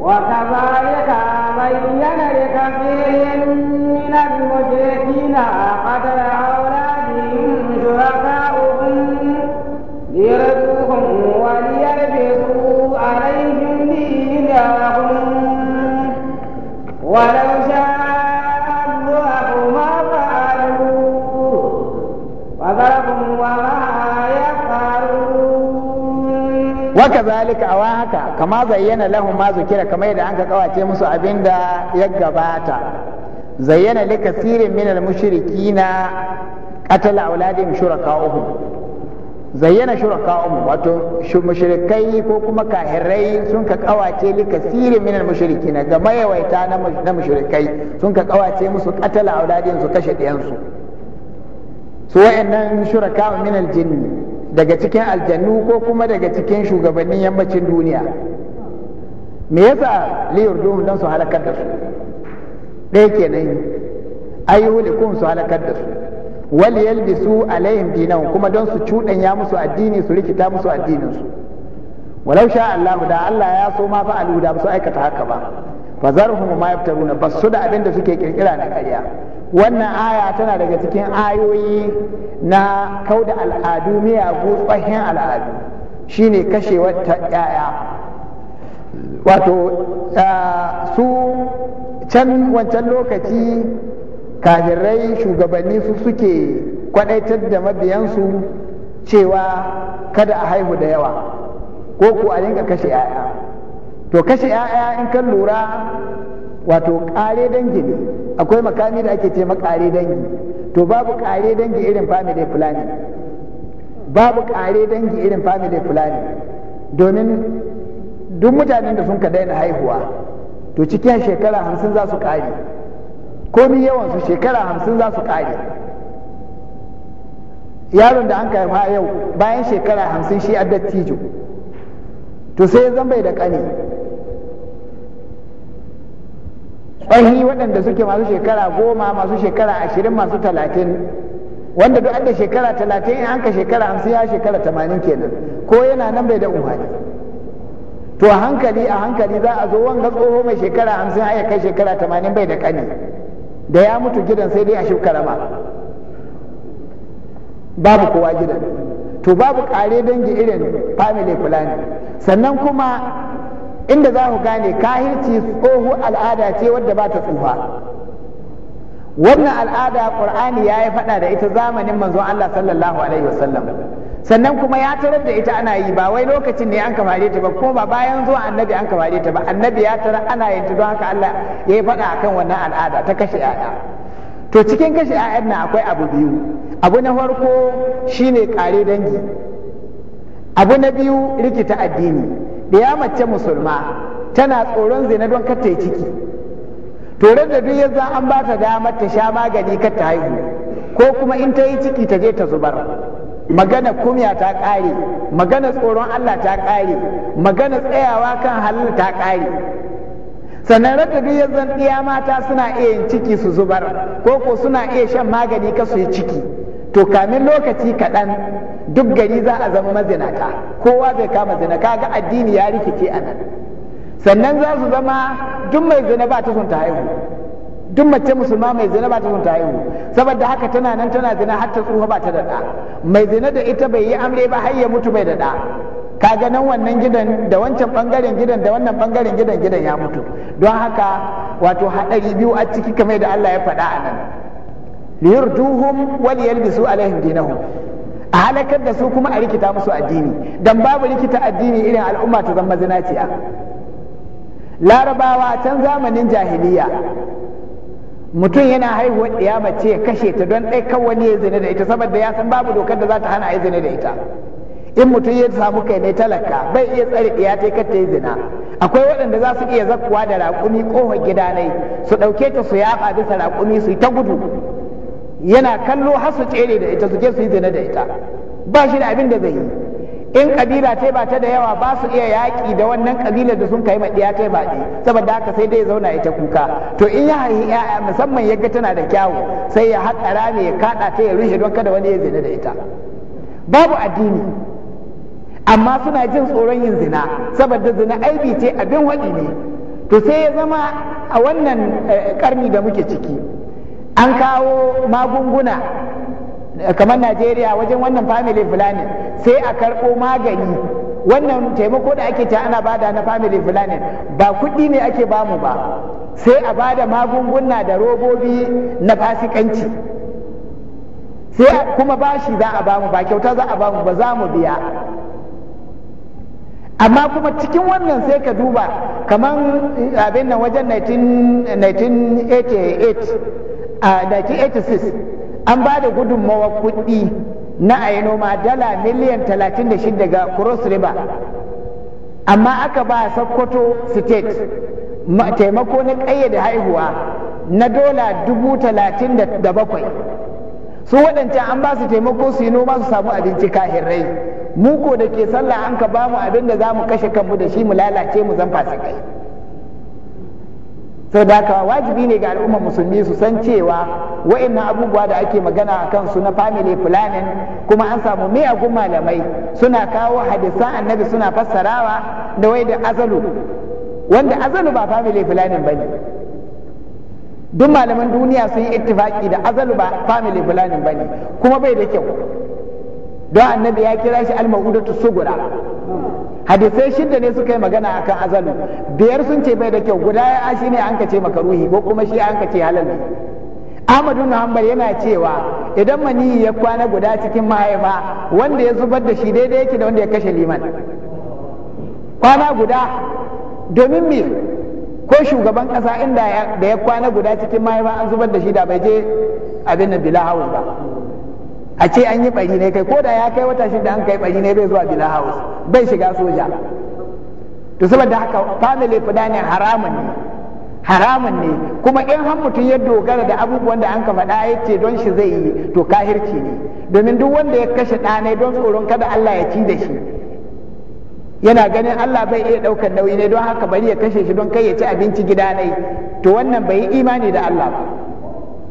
wa kadhalika bayyana kafirin min al-mushrikeena qadra
haka zalika awa haka kama zayyana lahum ma zukira kama yadda an ka kawace musu abin da ya gabata zayyana li kasirin min al mushrikina qatala auladihim shuraka'uhum zayyana shuraka'uhum wato mushrikai ko kuma kahirai sun ka kawace li kasirin min al mushrikina ga mayawaita na mushrikai sun ka kawace musu qatala auladihim su kashe diyansu su wa'annan shuraka min al jinni daga cikin aljannu ko kuma daga cikin shugabannin yammacin duniya me yasa liyar domin don su halakar da su ɗaya kenan kun su halakar da su wal yalbisu alaihim dinan kuma don su ya musu addini su rikita musu addinin su walau sha Allah da Allah ya so ma fa'alu da ba su aikata haka ba fa zarhum ma yaftaruna bas su da abin da suke kirkira na ƙarya wannan aya tana daga cikin ayoyi na kauda al'adu miyagu tsohin al'adu shine kashe wata 'ya'ya wato su can wancan lokaci kafirai shugabanni su suke kwadaitar da mabiyansu cewa kada a haihu da yawa ko ku a dinga kashe 'ya'ya to kashe 'ya'ya in kan lura wato kare dangi ne akwai makami da ake ce makare dangi to babu kare dangi irin family planning babu kare dangi irin family planning domin duk mutanen da sun ka daina haihuwa to cikin shekara hamsin za su ƙare komi yawansu shekara hamsin za su ƙare yaron da an haifa yau bayan shekara hamsin shi a dattijo to sai ya zan bai da ƙani ƙwahi waɗanda suke masu shekara goma masu shekara ashirin masu talatin wanda duk da shekara talatin in an ka shekara hamsin ya shekara tamanin kenan ko yana nan bai da umarni to a hankali a hankali za a zo wanga tsoho mai shekara hamsin har ya kai shekara tamanin bai da ƙani da ya mutu gidan sai dai a shuka rama babu kowa gidan to babu ƙare dangi irin family planning sannan kuma inda za ku gane kahirci tsoho al'ada ce wadda ba ta tsufa wannan al'ada qur'ani ya yi faɗa da ita zamanin manzon Allah sallallahu alaihi wasallam sannan kuma ya tarar da ita ana yi ba wai lokacin ne an kamare ta ba kuma ba bayan zuwa annabi an kamare ta ba annabi ya tarar ana yin ta don haka Allah ya yi faɗa akan wannan al'ada ta kashe 'ya'ya to cikin kashe 'ya'yan na akwai abu biyu abu na farko shine kare dangi abu na biyu rikita addini ɗiya mace musulma tana tsoron zina don kata ciki to da duk yanzu an ba ta damar ta sha magani kata haihu ko kuma in ta yi ciki ta je ta zubar magana kumya ta ƙare magana tsoron Allah ta ƙare magana tsayawa kan halal ta ƙare sannan rata duk yanzu ɗiya mata suna iya yin ciki su zubar ko ko suna iya shan magani ka su yi ciki to kamin lokaci kaɗan duk gari za a zama mazinata kowa zai kama zina kaga addini ya rikice a nan sannan za su zama duk mai zina ba ta sunta haihu duk mace musulma mai zina ba ta sunta haihu saboda haka tana nan tana zina har ta tsufa ba ta da mai zina da ita bai yi amre ba har ya mutu bai da ka kaga nan wannan gidan da wancan bangaren gidan da wannan bangaren gidan gidan ya mutu don haka wato haɗari biyu a ciki kamar da Allah ya faɗa a nan liyurduhum wal yalbisu alaihim dinahum a halakar da su kuma a rikita musu addini dan babu rikita addini irin al'umma ta zama zinaciya larabawa can zamanin jahiliya mutum yana haihuwar ya ya kashe ta don ɗai wani ya zina da ita saboda ya san babu dokar da za ta hana a zina da ita in mutum ya samu kai ne talaka bai iya tsare ɗiya ta kar ta yi zina akwai waɗanda za su iya zakkuwa da raƙumi ƙofar gidanai, su ɗauke ta su yafa bisa raƙumi su ta gudu yana kallo har su tsere da ita su je su yi zina da ita ba shi da abin da zai yi in kabila ta ba ta da yawa ba su iya yaƙi da wannan kabilar da sun kai maɗiya ta ba ɗi saboda haka sai dai zauna ita kuka to in ya haihi ya'ya musamman ya ga tana da kyawu sai ya haƙa rami ya kaɗa ta ya rushe don kada wani ya zina da ita babu addini amma suna jin tsoron yin zina saboda zina aibi ce abin waɗi ne to sai ya zama a wannan eh, ƙarni da muke ciki an kawo magunguna kamar najeriya wajen wannan family planning sai a karɓo magani wannan taimako da ake ta ana bada na family planning ba kuɗi ne ake bamu ba sai a bada magunguna da robobi na fasikanci sai kuma bashi za a bamu ba kyauta za a bamu ba za mu biya amma kuma cikin wannan sai ka duba kamar abin nan wajen 1988 a 1986 an ba da gudunmawa kuɗi na a noma dala miliyan 36 daga cross river amma aka ba sokoto state taimako na ƙayyade haihuwa na dola 37 su waɗancan an ba su taimako su yi noma su samu abinci kahirrai mu ko da ke sallah an ka ba mu abin da za mu kashe kanmu da shi mu lalace mu zan fasikai sau da haka wajibi ne ga al'ummar musulmi su san cewa wa'annan abubuwa da ake magana a kansu na family planning kuma an samu miyagun malamai suna kawo hadisan annabi suna fassarawa da wai da azalu wanda azalu ba family planning ba ne. duk malaman duniya sun yi ittifaki da azalu ba family planning ba ne, kuma bai da kyau don annabi ya kira shi al-ma'udatu sugura hadisai shidda ne suka yi magana akan azalu biyar sun ce bai da kyau guda ya shi ne an kace maka makaruhi ko kuma shi an kace halal ne Ahmadu Muhammad yana cewa idan mani ya kwana guda cikin mahaifa wanda ya zubar da shi daidai yake da wanda ya kashe liman kwana guda domin me ko shugaban kasa inda da ya kwana guda cikin mahaifa an zubar da shi da bai je abin da bila ba a ce an yi bari ne kai ko da ya kai wata shida an kai bari ne bai zuwa bila house bai shiga soja to saboda haka family ne haramun ne haramun ne kuma in har mutum ya dogara da abubuwan da an ka faɗa ya ce don shi zai yi to kahirci ne domin duk wanda ya kashe ɗanai don tsoron kada Allah ya ci da shi yana ganin Allah bai iya ɗaukar nauyi ne don haka bari ya kashe shi don kai ya ci abinci gida nai to wannan bai yi imani da Allah ba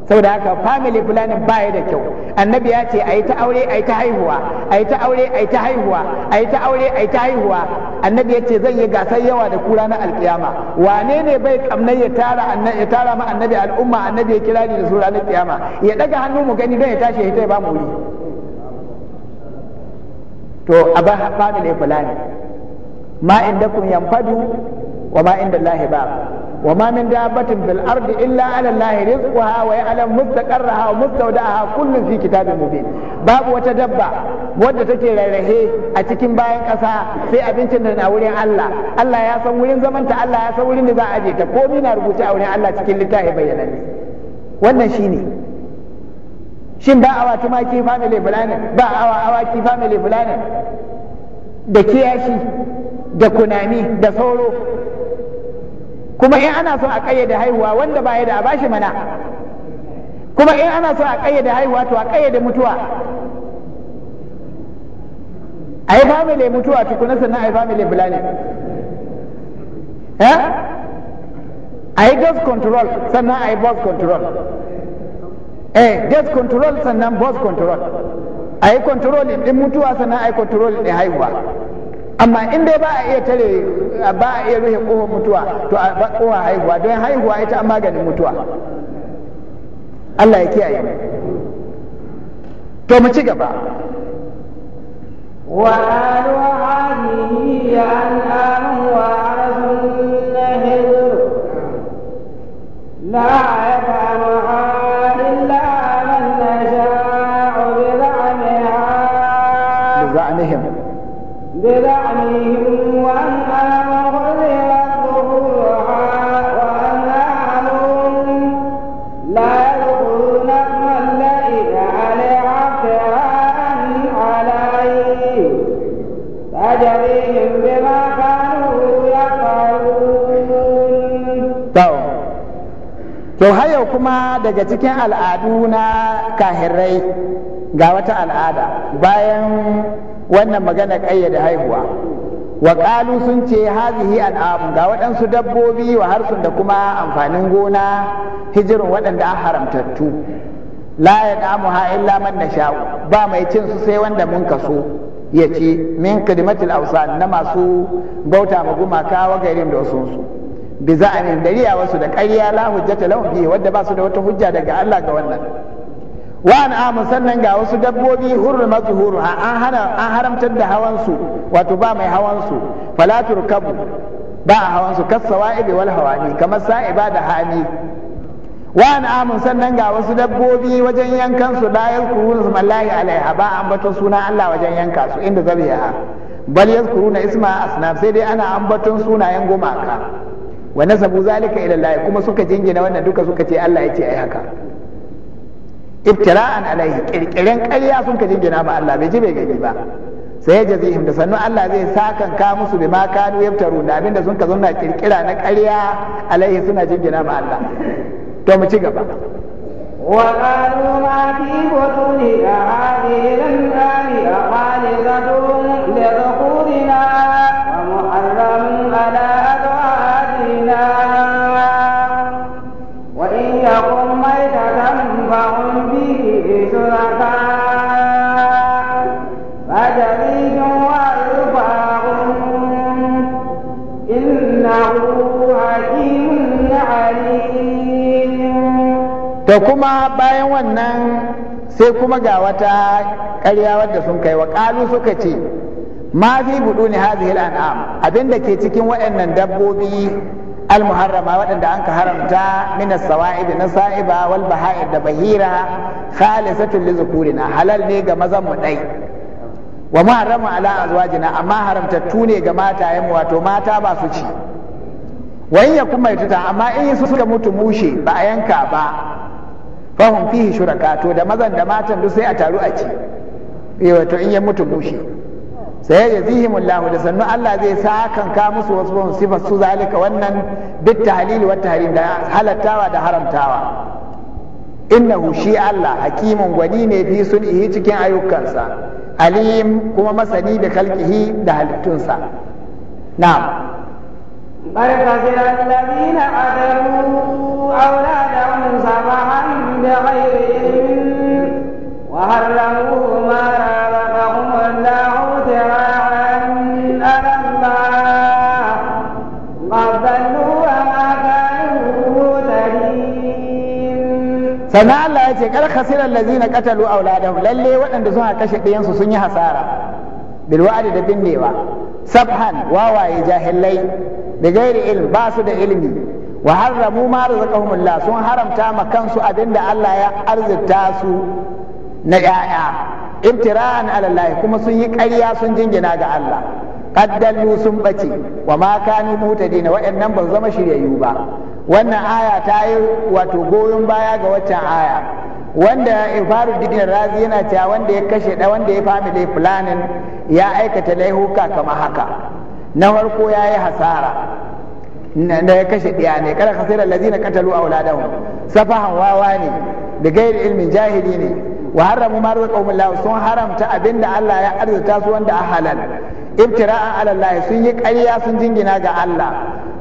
saboda haka family planning ba ya da kyau annabi ya ce ayi ta aure ayi ta haihuwa ayi ta aure ayi ta haihuwa ayi ta aure ayi ta haihuwa annabi ya ce zan yi gasar yawa da kura na alkiyama wane ne bai kamnar ya tara annabi ya tara ma annabi al'umma annabi ya kira ni da sura na kiyama ya daga hannu mu gani dan ya tashi ya ta ba mu yi. to a ba family planning ma inda kun yanfadu wa ma inda Allah ba wa ma min dabbatin fil ardi illa ala Allah rizquha wa ya'lam mustaqarraha wa mustawda'aha kullun fi kitabin babu wata dabba wadda take rarrahe a cikin bayan ƙasa sai abincin da na wurin Allah Allah ya san wurin zamanta Allah ya san wurin da za a je ta na rubuce a wurin Allah cikin littafi bayyananne wannan shine shin ba awa tumaki family fulani ba awa awaki family fulani da kiyashi da kunami da sauro kuma in ana son a kayyade haihuwa wanda ya da a shi mana kuma in ana son a kayyade haihuwa to a kayyade mutuwa a yi family mutuwa tukuna sannan a yi family planning eh? a yi death control sannan a yi birth control eh death control sannan birth control a yi control din mutuwa sannan a yi control din haihuwa amma in dai ba a iya tare ba a iya rufe kohon mutuwa to a kohon haihuwa don haihuwa ita an maganin mutuwa Allah ya kiyaye to mu ci gaba wa alwahadihi an
amwa azun nahir la
to haya kuma daga cikin al'adu na kahirai ga wata al'ada bayan wannan magana ƙayyade haihuwa wa ƙalu sun ce hazihi al'amu ga waɗansu dabbobi wa harsun da kuma amfanin gona hijirin waɗanda a haramtattu la ya damu ha illa man nasha'u ba mai cin su sai wanda mun kaso ya ce min kadimatul awsan na masu bauta ma gumaka wa gairin da su bi dari a wasu da ƙarya la hujjata lahum bihi wanda ba su da wata hujja daga Allah ga wannan wa an'amun sannan ga wasu dabbobi hurrimat zuhuruha an hana an haramtar da hawan su wato ba mai hawan su falatur kabu ba a hawan su kasawa'ibi wal hawani kamar sa'iba da hani wa an'amun sannan ga wasu dabbobi wajen yankan su la yazkuruna smallahi alaiha ba ambaton suna Allah wajen yanka su inda zabiha bal yazkuruna isma asnaf sai dai ana ambaton sunayen gumaka wa nasabu zalika ila Allah kuma suka jingina wannan duka suka ce Allah ya ce ai haka ibtira'an alaihi kirkiren ƙarya sun ka jingina ba Allah bai ji bai gani ba sai jazihim da sannu Allah zai sakan ka musu bima kanu yaftaru da abinda sun ka zanna kirkira na ƙarya alaihi suna jingina ba Allah to mu ci gaba
وقالوا ما في بطون هذه الأنعام خالصة لذكورنا ومحرم على da
kuma bayan wannan sai kuma ga wata karya wadda sun kai wa ƙalu suka ce ma fi budu ne hazihi al'am abinda ke cikin waɗannan dabbobi al-muharrama waɗanda an ka haramta min as-sawa'ib na sa'iba wal baha'ir da bahira khalisatun li zukurina halal ne ga mazan mu dai wa muharramu ala azwajina amma haramtattu ne ga matayen wato mata ba su ci wayin ya kuma yututa amma in su suka mutu mushe ba a yanka ba fahim fihi shuraka to da mazan da matan duk sai a taru a ci eh to in ya mutu mushe sai ya zihimul lahu da sannu Allah zai sakan ka musu wasu sifar su zalika wannan duk tahlil wata tahrim da halattawa da haramtawa innahu shi Allah hakimun gwani ne fi ihi cikin ayyukansa alim kuma masani da kalkihi da halittunsa na'am
بل خسر الذين قتلوا أولادهم سبحا بغير علم وحرموا ما رزقهم الله ذراعا على الله قد ضلوا وما كانوا مهتدين
سمع الله يجي قال خسر الذين قتلوا أولادهم للي وأن سوها كشف ينسوا سنيها سارة بالوعد da binnewa sabhan wawaye jahilai bi ghairi ilm ba su da ilmi wa harramu ma razaqahumullah sun haramta ma kansu abinda Allah ya arzikta su na yaya ibtira'an ala Allah kuma sun yi ƙarya sun jingina ga Allah qaddallu sun bace wa ma kanu mutadina wa'annan ba zama shiryayyu ba wannan aya ta yi wato goyon baya ga waccan aya wanda ifaruddin razi yana cewa wanda ya kashe da wanda ya family planning ya aikata laihuka kamar haka na farko ya yi hasara da ya kashe ɗiya ne kada hasira lazina katalu auladahum safahan wawa ne da gairi ilmin jahili ne wa haramu ma razaqahum sun haramta abinda Allah ya arzuta su wanda a halal ibtira'a ala Allah sun yi karya sun jingina ga Allah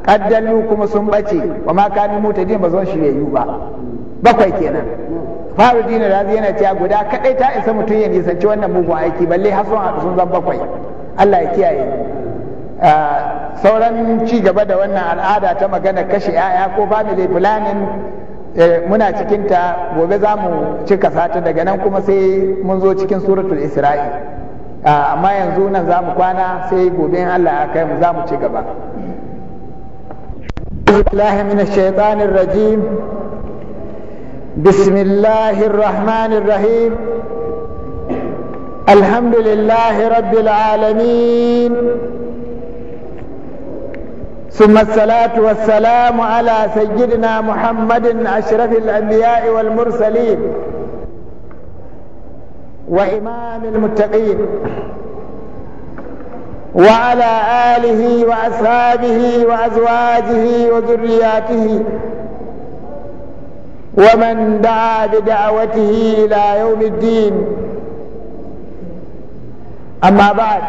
ƙaddalu kuma sun bace wa ma kanu mutadin ba zan yi ba bakwai kenan dina razi yana cewa guda kadai ta isa mutum ya nisanci wannan mugun aiki balle har sun haɗu sun zan bakwai Allah ya kiyaye Ah, sauran ci gaba da wannan al'ada ta magana kashe 'ya'ya ko family planning eh, muna cikinta gobe za mu cika sata daga nan kuma sai mun zo cikin suratul isra'i ah, amma yanzu nan za mu kwana sai gobe allah ya kai mu za mu ci gaba بسم الله الرحمن الرحيم الحمد لله ثم الصلاة والسلام على سيدنا محمد أشرف الأنبياء والمرسلين وإمام المتقين وعلى آله وأصحابه وأزواجه وذرياته ومن دعا بدعوته إلى يوم الدين أما بعد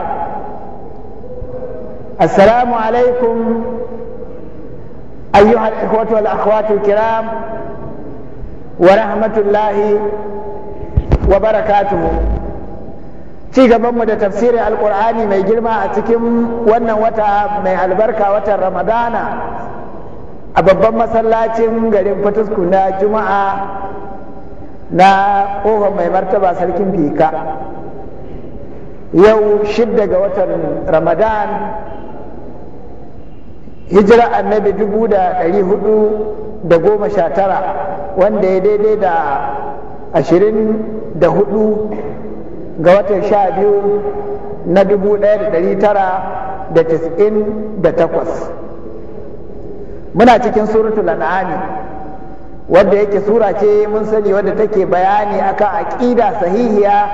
السلام عليكم أيها الإخوة والأخوات الكرام ورحمة الله وبركاته ci gabanmu da tafsirin alkur'ani mai girma a cikin wannan wata mai albarka watan ramadana a babban masallacin garin fatusku na juma'a na ƙofar mai martaba sarkin fika yau shidda ga watan ramadan hijira annabi dubu da ɗari hudu da goma sha tara wanda ya daidai da ashirin da hudu ga watan sha biyu na dubu ɗaya da ɗari tara da tis'in da takwas muna cikin suratul an'ami wadda yake sura ce mun sani wadda take bayani akan aƙida sahihiya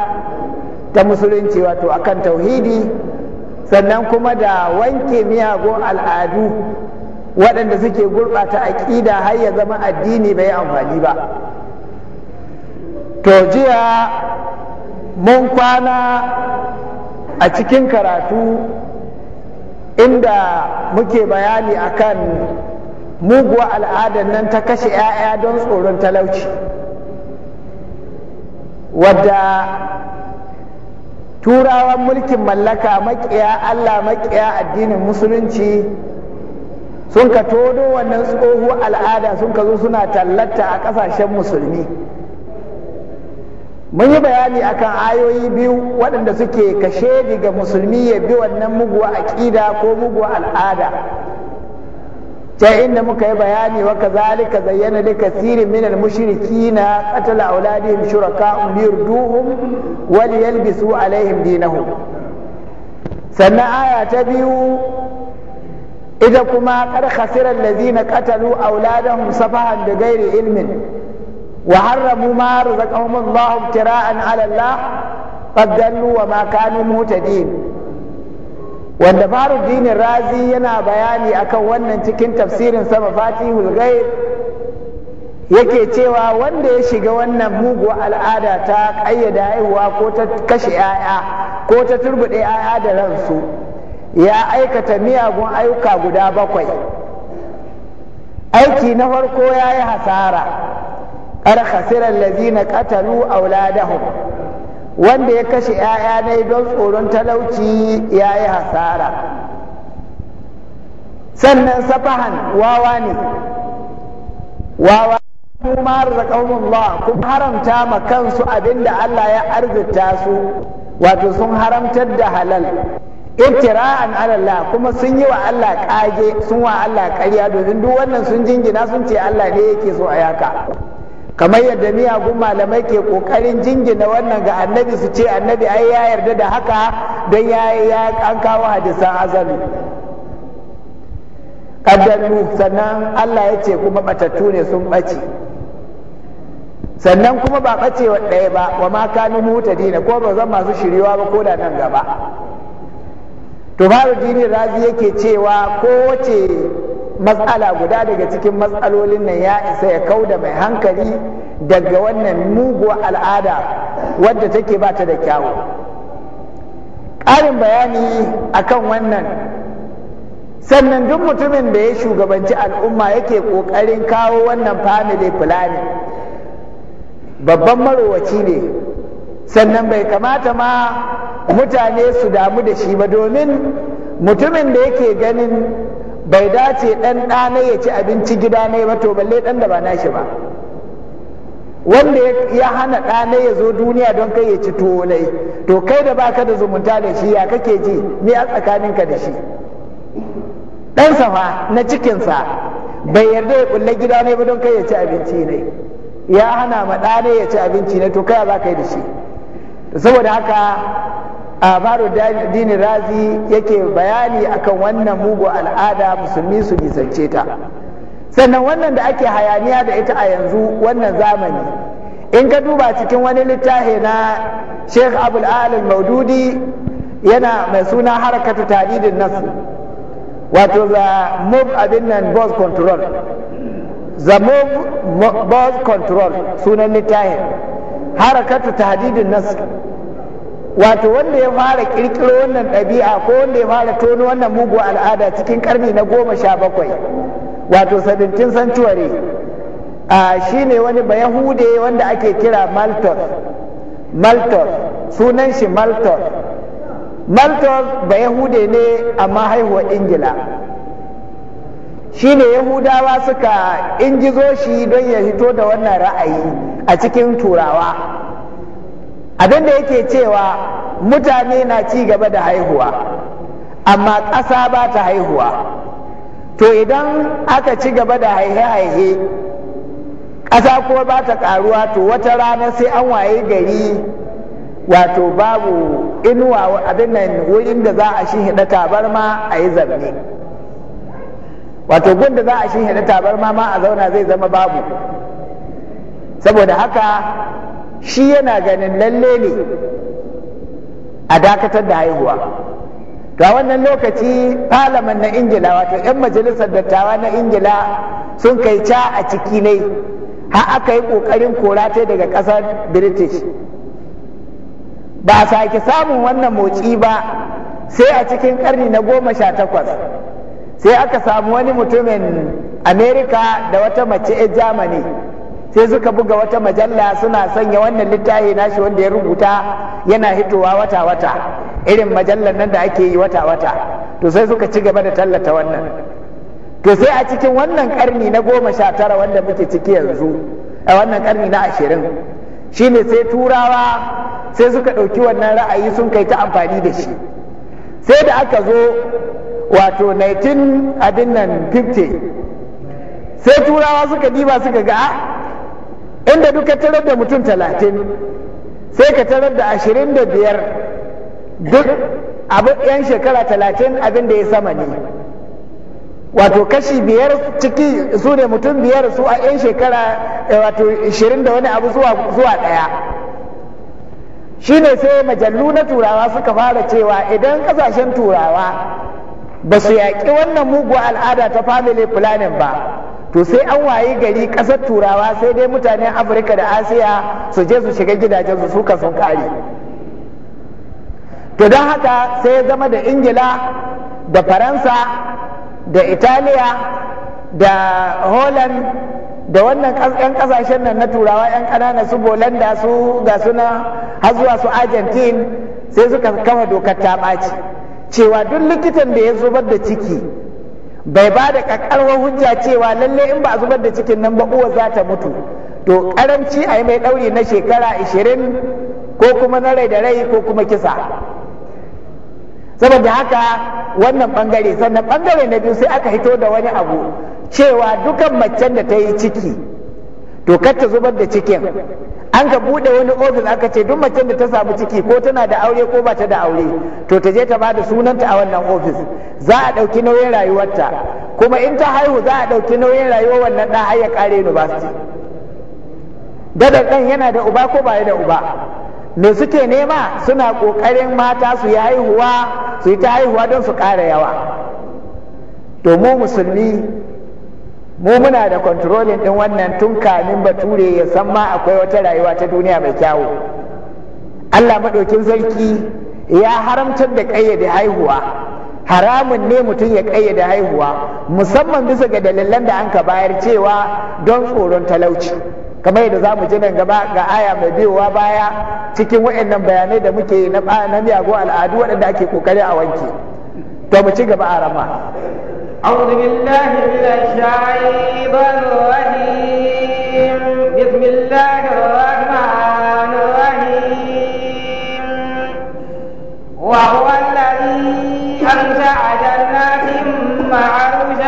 ta musulunci wato akan tauhidi sannan kuma da wanke miyagun al'adu waɗanda suke gurɓata aƙida har ya zama addini bai amfani ba to jiya mun kwana a cikin karatu inda muke bayani akan muguwa al'adar nan ta kashe 'ya'ya don tsoron talauci wadda turawan mulkin mallaka makiya allah makiya addinin musulunci sun ka todo wannan tsoho al'ada sun ka zo suna tallata a ƙasashen musulmi mun yi bayani akan ayoyi biyu waɗanda suke kashe daga musulmi ya bi wannan muguwa aƙida ko muguwa al'ada ta inda muka yi bayani wa kazalika zayyana li kasirin min al mushrikina qatala auladihim shuraka'un liyurduhum wa liyalbisu alaihim dinahum sannan aya ta biyu ita kuma qad khasira allazina qatalu auladahum safahan gairi ilmin wa harramu ma razaqahum Allah ibtira'an 'ala Allah qad wa ma kanu muhtadin wanda Faruddin Razi yana bayani akan wannan cikin tafsirin sama Fatihul Ghaib yake cewa wanda ya shiga wannan mugu al'ada ta ƙayyada haihuwa ko ta kashe 'ya'ya ko ta turbuɗe 'ya'ya da ransu ya aikata miyagun ayyuka guda bakwai aiki na farko ya yi hasara ƙar khasirar lazina ƙatalu auladahum wanda ya kashe 'ya'ya ne don tsoron talauci ya yi hasara sannan safahan wawa ne wawa kuma razaqahumullah kuma haramta ma kansu abinda Allah ya arzita su wato sun haramtar da halal ibtira'an ala Allah kuma sun yi wa Allah kage sun wa Allah ƙarya domin duk wannan sun jingina sun ce Allah ne yake so a yaka kamar yadda miyagun malamai ke kokarin jingina wannan ga annabi su ce annabi ai ya yarda da haka don ya ya an kawo hadisan azami kaddalu sannan Allah ya ce kuma batattu ne sun bace sannan kuma ba bace wa ɗaya ba wa ma kanu dina, ko ba zan masu shiriwa ba ko da nan gaba to dini razi yake cewa ko wace matsala guda daga cikin matsalolin nan ya isa ya kau da mai hankali daga wannan muguwa al'ada wadda take ba ta da kyawu ƙarin bayani akan wannan sannan duk mutumin da ya shugabanci al'umma yake ƙoƙarin kawo wannan family planning babban marowaci ne sannan bai kamata ma mutane su damu da shi ba domin mutumin da yake ganin bai dace ɗan ɗana ya ci abinci gida ne ba to balle ɗan da ba nashi ba wanda ya hana ɗana ya zo duniya don kai ya ci tuwo nai to kai da baka da zumunta da shi ya kake ji me a tsakaninka da shi ɗansa safa na cikinsa bai yarda ya kulle gida ne ba don kai ya ci abinci ne ya hana ma ɗana ya ci abinci ne to kai ba kai yi da shi saboda haka abaru dini razi yake bayani akan wannan mugu al'ada musulmi su nisance ta sannan wannan da ake hayaniya da ita a yanzu wannan zamani in ka duba cikin wani littafi na sheikh abul alim maududi yana mai suna harkatu tadidin nasu wato za mob abin nan boss control the mob boss control sunan littafin harakatu tahdidin nasu wato wanda ya fara kirkiro wannan ɗabi'a ko wanda ya fara tono wannan mugu al'ada cikin karni na goma sha bakwai wato sabintin santuwari a shi ne wani bayahude wanda ake kira maltos maltos sunan shi maltos maltos bayahude ne amma haihuwar ingila shi ne yahudawa suka ingizo shi don ya hito da wannan ra'ayi a cikin turawa abin da yake cewa mutane na ci gaba da haihuwa amma ƙasa ba ta haihuwa to idan aka ci gaba da haihe-haihe ƙasa ko ba ta ƙaruwa to wata rana sai an waye gari wato babu inuwa abin nan wurin da za a shi hida tabarma a yi zamne wato gun da za a shi hida tabarma ma a zauna zai zama babu saboda haka shi yana ganin lalle ne a dakatar da haihuwa Ga wannan lokaci falaman na ingila wato 'yan majalisar dattawa na ingila sun kai ca a ciki ne har aka yi ƙoƙarin korata daga ƙasar british ba a sake samun wannan motsi ba sai a cikin ƙarni na goma sha takwas sai aka samu wani mutumin amerika da wata mace 'yan germany sai suka buga wata majalla suna sanya wannan littafi nashi wanda ya rubuta yana hitowa wata-wata irin majallar nan da ake yi wata-wata to sai suka ci gaba da tallata wannan to sai a cikin wannan karni na goma sha tara wanda muke ciki yanzu a wannan karni na ashirin shine sai turawa sai suka ɗauki wannan ra'ayi sun kai ta amfani da shi sai da aka zo wato 19 abin nan 50 sai turawa suka diba suka ga ah, inda duka tarar da mutum talatin sai ka tarar da ashirin da biyar duk abin yan shekara talatin abin da ya sama ne wato kashi biyar ciki su ne mutum biyar su a yan shekara eh, wato ashirin da wani abu zuwa ɗaya shine sai majallu na turawa suka fara cewa idan ƙasashen turawa ba su yaƙi wannan mugu al'ada ta family planning ba to sai an wayi gari ƙasar turawa sai dai mutanen afirka da asiya su je su shiga gidajen su suka sun kare to don haka sai ya zama da ingila da faransa da italiya da holland da wannan yan ƙasashen nan na turawa yan ƙanana su bolanda su ga suna har zuwa su argentine sai suka kafa dokar ta ɓaci cewa duk likitan da ya zubar da ciki bai ba da kakarwar hujja cewa lalle in ba a zubar da cikin nan ba uwa za ta mutu to karamci a yi mai ɗauri na shekara 20 ko kuma na rai da rai ko kuma kisa saboda haka wannan bangare sannan ɓangare na biyu sai aka hito da wani abu cewa dukan macen da ta yi ciki to kar ta zubar da cikin an ga bude wani ofis aka ce duk macen da ta samu ciki ko tana da aure ko ba ta da aure to ta je ta bada sunanta a wannan ofis za a ɗauki nauyin rayuwarta kuma in ta haihu za a ɗauki nauyin rayuwar wannan ɗan har ya ƙare university dadar ɗan yana da uba ko ba da uba me suke nema suna ƙoƙarin mata su yi haihuwa su yi ta haihuwa don su ƙara yawa to mu musulmi mu muna da kontrolin din wannan tun kamin bature ya san ma akwai wata rayuwa ta duniya mai kyawu allah maɗaukin sarki ya haramtar da ƙayyade haihuwa haramun ne mutum ya ƙayyade haihuwa musamman bisa ga dalilan da an ka bayar cewa don tsoron talauci kamar yadda za mu ji nan gaba ga aya mai biyowa baya cikin waɗannan bayanai da muke na miyagun al'adu waɗanda ake ƙoƙari a wanke to mu ci gaba a rama
أعوذ بالله من الشيطان الرجيم بسم الله الرحمن الرحيم وهو الذي أنزع جنات معروشة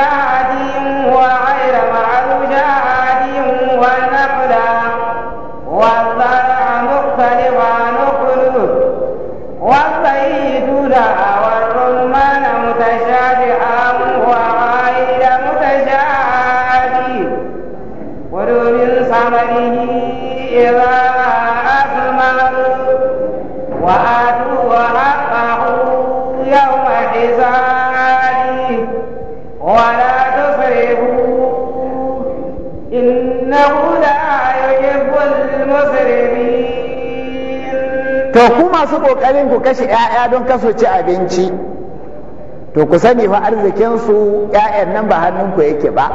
to ku masu ƙoƙarin ku kashe ƴaƴa don kaso ci abinci to ku sani fa su ƴaƴan nan ba hannun ku yake ba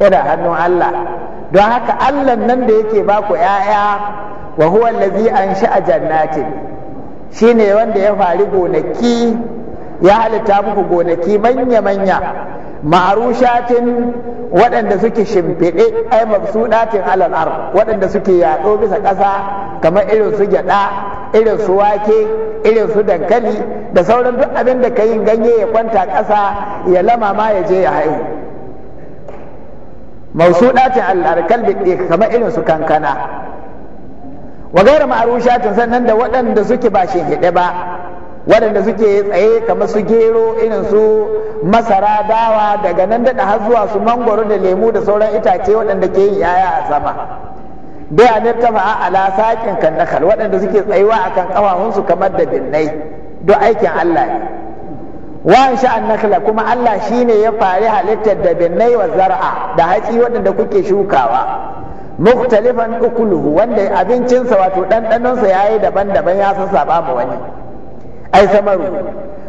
yana hannun Allah don haka Allah nan da yake ba ku 'ya'ya wa huwa allazi ansha jannatin shine wanda ya fari gonaki ya halitta muku gonaki manya-manya ma'arushatin waɗanda suke shimfiɗe ai mabsudatin alal ar waɗanda suke yaɗo bisa ƙasa kamar irin su gyaɗa irin su wake irin su dankali da sauran duk abin da ka yin ganye ya kwanta ƙasa ya lama ma ya je ya haihu mabsudatin alal ar kalbi kamar irin su kankana wa gaira ma'arushatin sannan da waɗanda suke ba shimfiɗe ba waɗanda suke tsaye kamar su gero irin su masara dawa daga nan daɗa har zuwa su mangoro da lemu da sauran itace waɗanda ke yin yaya a sama bai a nirta ala saƙin kan nakal waɗanda suke tsayuwa a kan ƙafafunsu kamar da binnai don aikin Allah ne wa sha'an nakala kuma Allah shine ya fari halittar da binnai wa zar'a da hatsi waɗanda kuke shukawa muktalifan ukuluhu wanda abincinsa wato ɗanɗanonsa ya yi daban-daban ya san saba wani ai samaru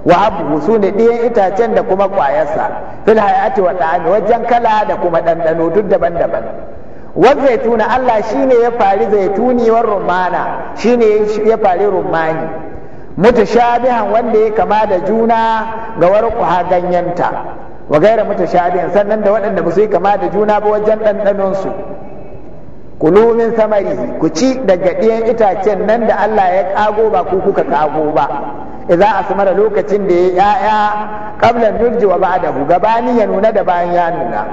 wa abu su ne ɗiyan itacen da kuma ƙwayarsa fil hayati wa ta'ami wajen kala da kuma ɗanɗano duk daban-daban zaituna Allah shi ne ya fari zaituni war rumana ne ya fari rumani mutashabihan wanda ya kama da juna ga warqaha ganyenta wa gaira mutashabihan sannan da waɗanda ba su yi kama da juna ba wajen ɗanɗanonsu su kulu min samari ku ci daga ɗiyan itacen nan da Allah ya kago ba ku kuka kago ba idza asmara lokacin da ya ya'ya qabla nurji wa hu gabani ya nuna da bayan ya nuna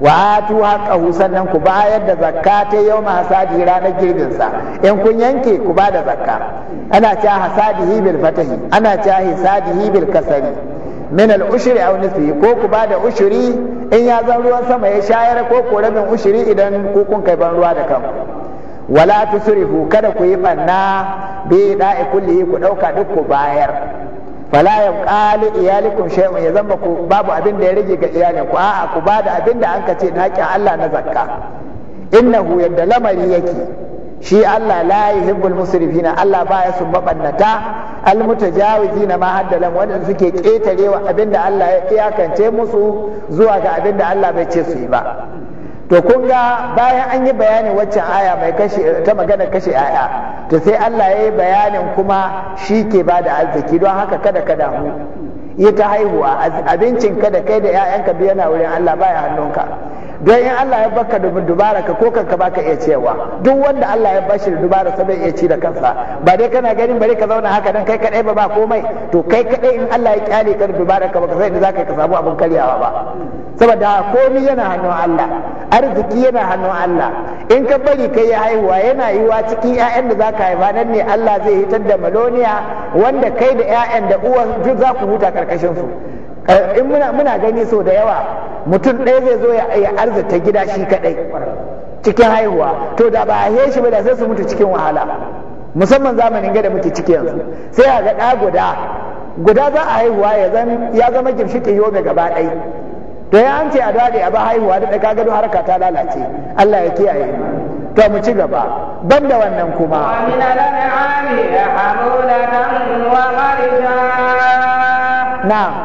wa atu haqqahu sannan ku bayar da zakka ta yau ma hasadi ranar girbin sa in kun yanke ku ba da zakka ana cewa hasadi bil fatahi ana cewa hasadi bil kasari min al-ushri aw ko ku ba da ushiri in ya zan ruwan sama ya shayar ko ku rabin ushiri idan ku kun kai ban ruwa da kan wala tusrifu kada ku yi banna bi da'i kulli ku dauka duk ku bayar fala ya qali iyalikum shay'un ya zamba ku babu abin da ya rage ga iyalin ku a'a ku ba da abin da an ce na Allah na zakka innahu yadda lamari yake shi Allah la yuhibbul musrifina Allah baya su mabannata al mutajawizina ma haddalam wadanda suke ketarewa abinda Allah ya iyakance musu zuwa ga abinda Allah bai ce su yi ba to kun ga bayan an yi bayanin waccan aya mai kashe ta magana kashe aya to sai Allah ya yi bayanin kuma shi ke ba da arziki don haka kada ka damu yi ta haihuwa abincin kada kai da 'ya'yanka biyu yana wurin Allah baya hannunka don in Allah ya baka da dubara ka ko kanka baka iya cewa duk wanda Allah ya bashi da dubara sa bai iya ci da kansa ba dai kana ganin bari ka zauna haka dan kai kadai ba ba komai to kai kadai in Allah ya kyale ka da dubara ka baka sai da zaka ka samu abun karyawa ba saboda komai yana hannun Allah arziki yana hannun Allah in ka bari kai ya haihuwa yana yiwa cikin ƴaƴan da zaka haifa nan ne Allah zai hitar da maloniya wanda kai da ƴaƴan da uwan duk za ku huta karkashin su Eh, in muna muna gani so da yawa mutum ɗaya zai zo ya arzata gida shi kaɗai cikin haihuwa to da ba a shi ba da sai su mutu cikin wahala musamman zamanin gada da muke ciki yanzu sai a ga guda guda za a haihuwa ya zama gimshiƙin yobe gaba ɗai to ya an ce a dade a ba haihuwa da ɗaga gado harka ta lalace Allah ya kiyaye to mu ci gaba ban da wannan kuma na'am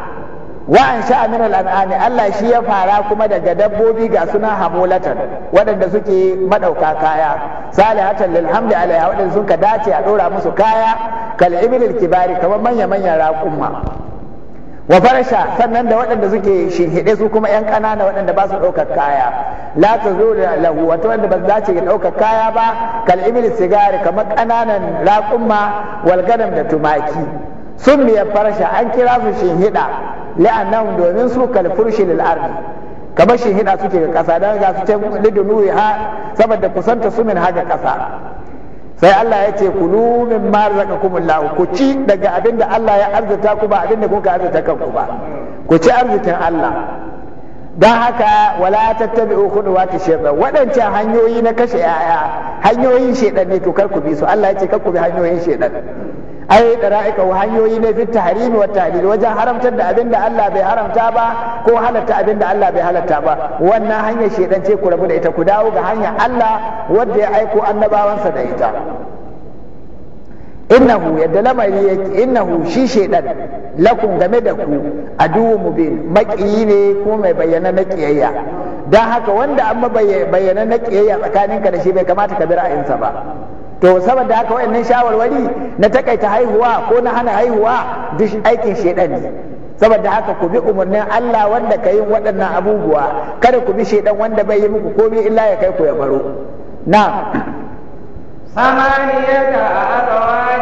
wa an sha min Allah shi ya fara kuma daga dabbobi ga suna hamulatan waɗanda suke madauka kaya salihatan lilhamdi alaiha waɗanda sun ka dace a ɗora musu kaya kal ibril kibari kamar manya manyan raƙuma wa farasha sannan da waɗanda suke shinhiɗe su kuma yan ƙanana waɗanda ba su ɗaukar kaya la ta lahu wata wanda ba dace ce ɗaukar kaya ba kal ibril sigari kamar ƙananan raƙuma wal ganam da tumaki sun miyar farasha an kira su shinhiɗa la'annahum domin su kal furshi lil ardi kamar shi hida suke ga kasa dan ga su can lidunu ha saboda kusanta su min haga kasa sai Allah ya ce kulu min ma razaqakumullahu ku ci daga abinda Allah ya arzuta ku ba abinda kuka arzuta kanku ba ku ci arzikin Allah don haka wala tattabi'u khudwati shaytan waɗancan hanyoyi na kashe yaya hanyoyin shaytan ne to kar ku bi su Allah ya ce kar ku bi hanyoyin shaytan ai dara'ika wa hanyoyi ne fi tahrimi wa wajen haramtar da abin da Allah bai haramta ba ko halatta abin da Allah bai halatta ba wannan hanyar shedan ce ku rabu da ita ku dawo ga hanyar Allah wanda ya aiko annabawansa da ita innahu yadda lamari yake innahu shi shedan lakum game da ku aduwwu mubin maƙiyi ne ko mai bayyana na kiyayya dan haka wanda an bayyana na kiyayya tsakaninka da shi bai kamata ka bi ra'ayinsa ba to saboda haka wayannan shawarwari na takaita haihuwa ko na hana haihuwa duk aikin shedan ne saboda haka ku bi umarnin Allah wanda ka yi waɗannan abubuwa kada ku bi shedan wanda bai yi muku komai illa ya kai ku ya baro na
samaniyata a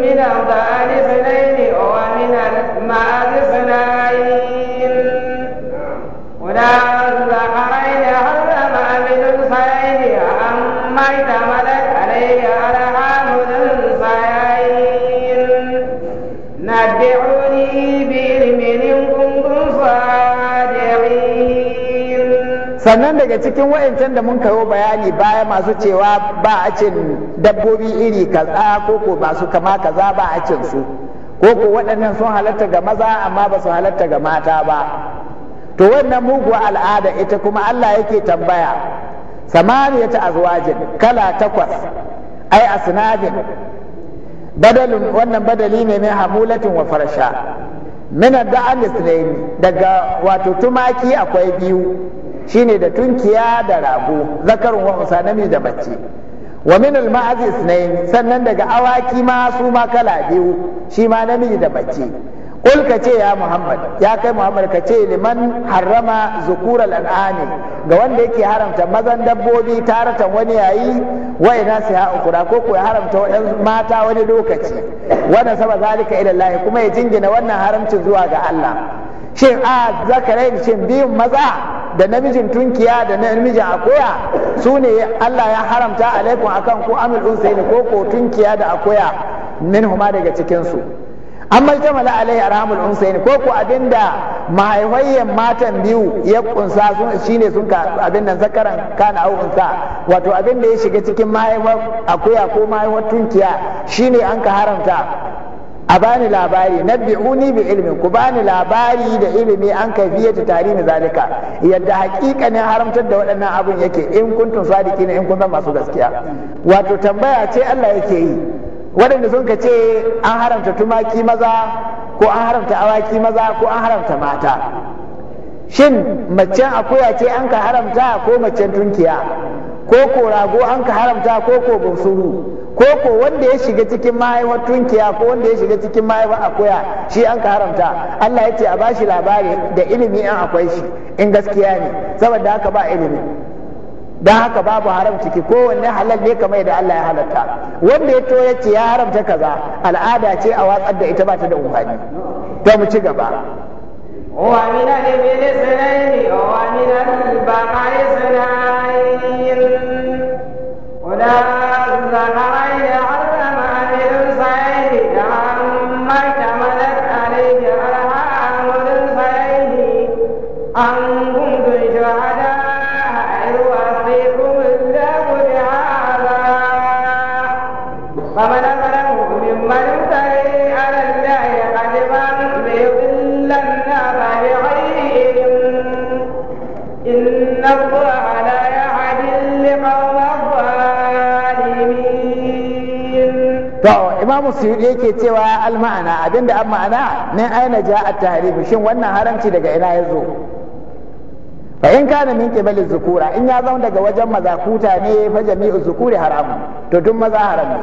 min al
sannan daga cikin wa'ancan da mun kawo bayani baya masu cewa ba a cin dabbobi iri kaza ko ko ba su kama kaza ba a cin su ko ko waɗannan sun halatta ga maza amma ba su halatta ga mata ba to wannan mugu al'ada ita kuma Allah yake tambaya samaniya ta azwajin kala takwas ai asnadin badalun wannan badali ne mai hamulatin wa farsha min da'an daga wato tumaki akwai biyu shine da tunkiya da rago zakarun wa usa namiji da mace wa min al ma'az sannan daga awaki ma su ma kala biyu shi ma namiji da mace Kul ka ce ya Muhammad, ya kai Muhammad ka ce liman harrama zukural al'ani ga wanda yake haramta mazan dabbobi taratan wani yayi wai na siya ukura ko ko ya haramta waɗansu mata wani lokaci wanda saba zalika ila Allah kuma ya jingina wannan haramcin zuwa ga Allah shin a zakarai shin biyun maza da namijin tunkiya da namijin akoya su ne Allah ya haramta alaikum akan ku amil unsaini ko ko tunkiya da akoya min huma daga cikin su amma jamala a arhamul unsayn ko ko abinda mahaifayyan matan biyu ya kunsa sun shine sun ka abin nan zakaran kana au wato abinda ya shiga cikin mahaifar akuya ko mahaifar tunkiya shine an ka haramta a bani labari nabbi'uni bi ilmin ku bani labari da ilimi an ka biye ta tarihi zalika yadda hakikanin haramtar da waɗannan abun yake in kuntum ne in kun zama masu gaskiya wato tambaya ce Allah yake yi waɗanda sun ka ce an haramta tumaki maza ko an haramta awaki maza ko an haramta mata shin macen akuya ce an ka haramta ko macen tunkiya ko ko rago an ka haramta ko ko bunsuru ko ko wanda ya shiga cikin mahaifar tunkiya ko wanda ya shiga cikin mahaifar akuya shi an ka haramta Allah ya ce a bashi labari da ilimi an akwai shi in gaskiya ne saboda haka ba ilimi don haka babu haram ciki kowanne halal ne kamar da Allah ya halatta wanda ya to ya ce ya kaza al'ada ce a watsar da ita ba ta da umfani ta mu ci gaba
Wa الإبل سنين ومن البقر sanayi
imamu suyuɗi yake cewa al-ma'ana abinda an ma'ana ne aina ja at-tahrim shin wannan haramci daga ina ya zo fa in kana min qibali zukura in ya zama daga wajen mazakuta ne fa jami'u zukuri haramu, to duk maza haram ne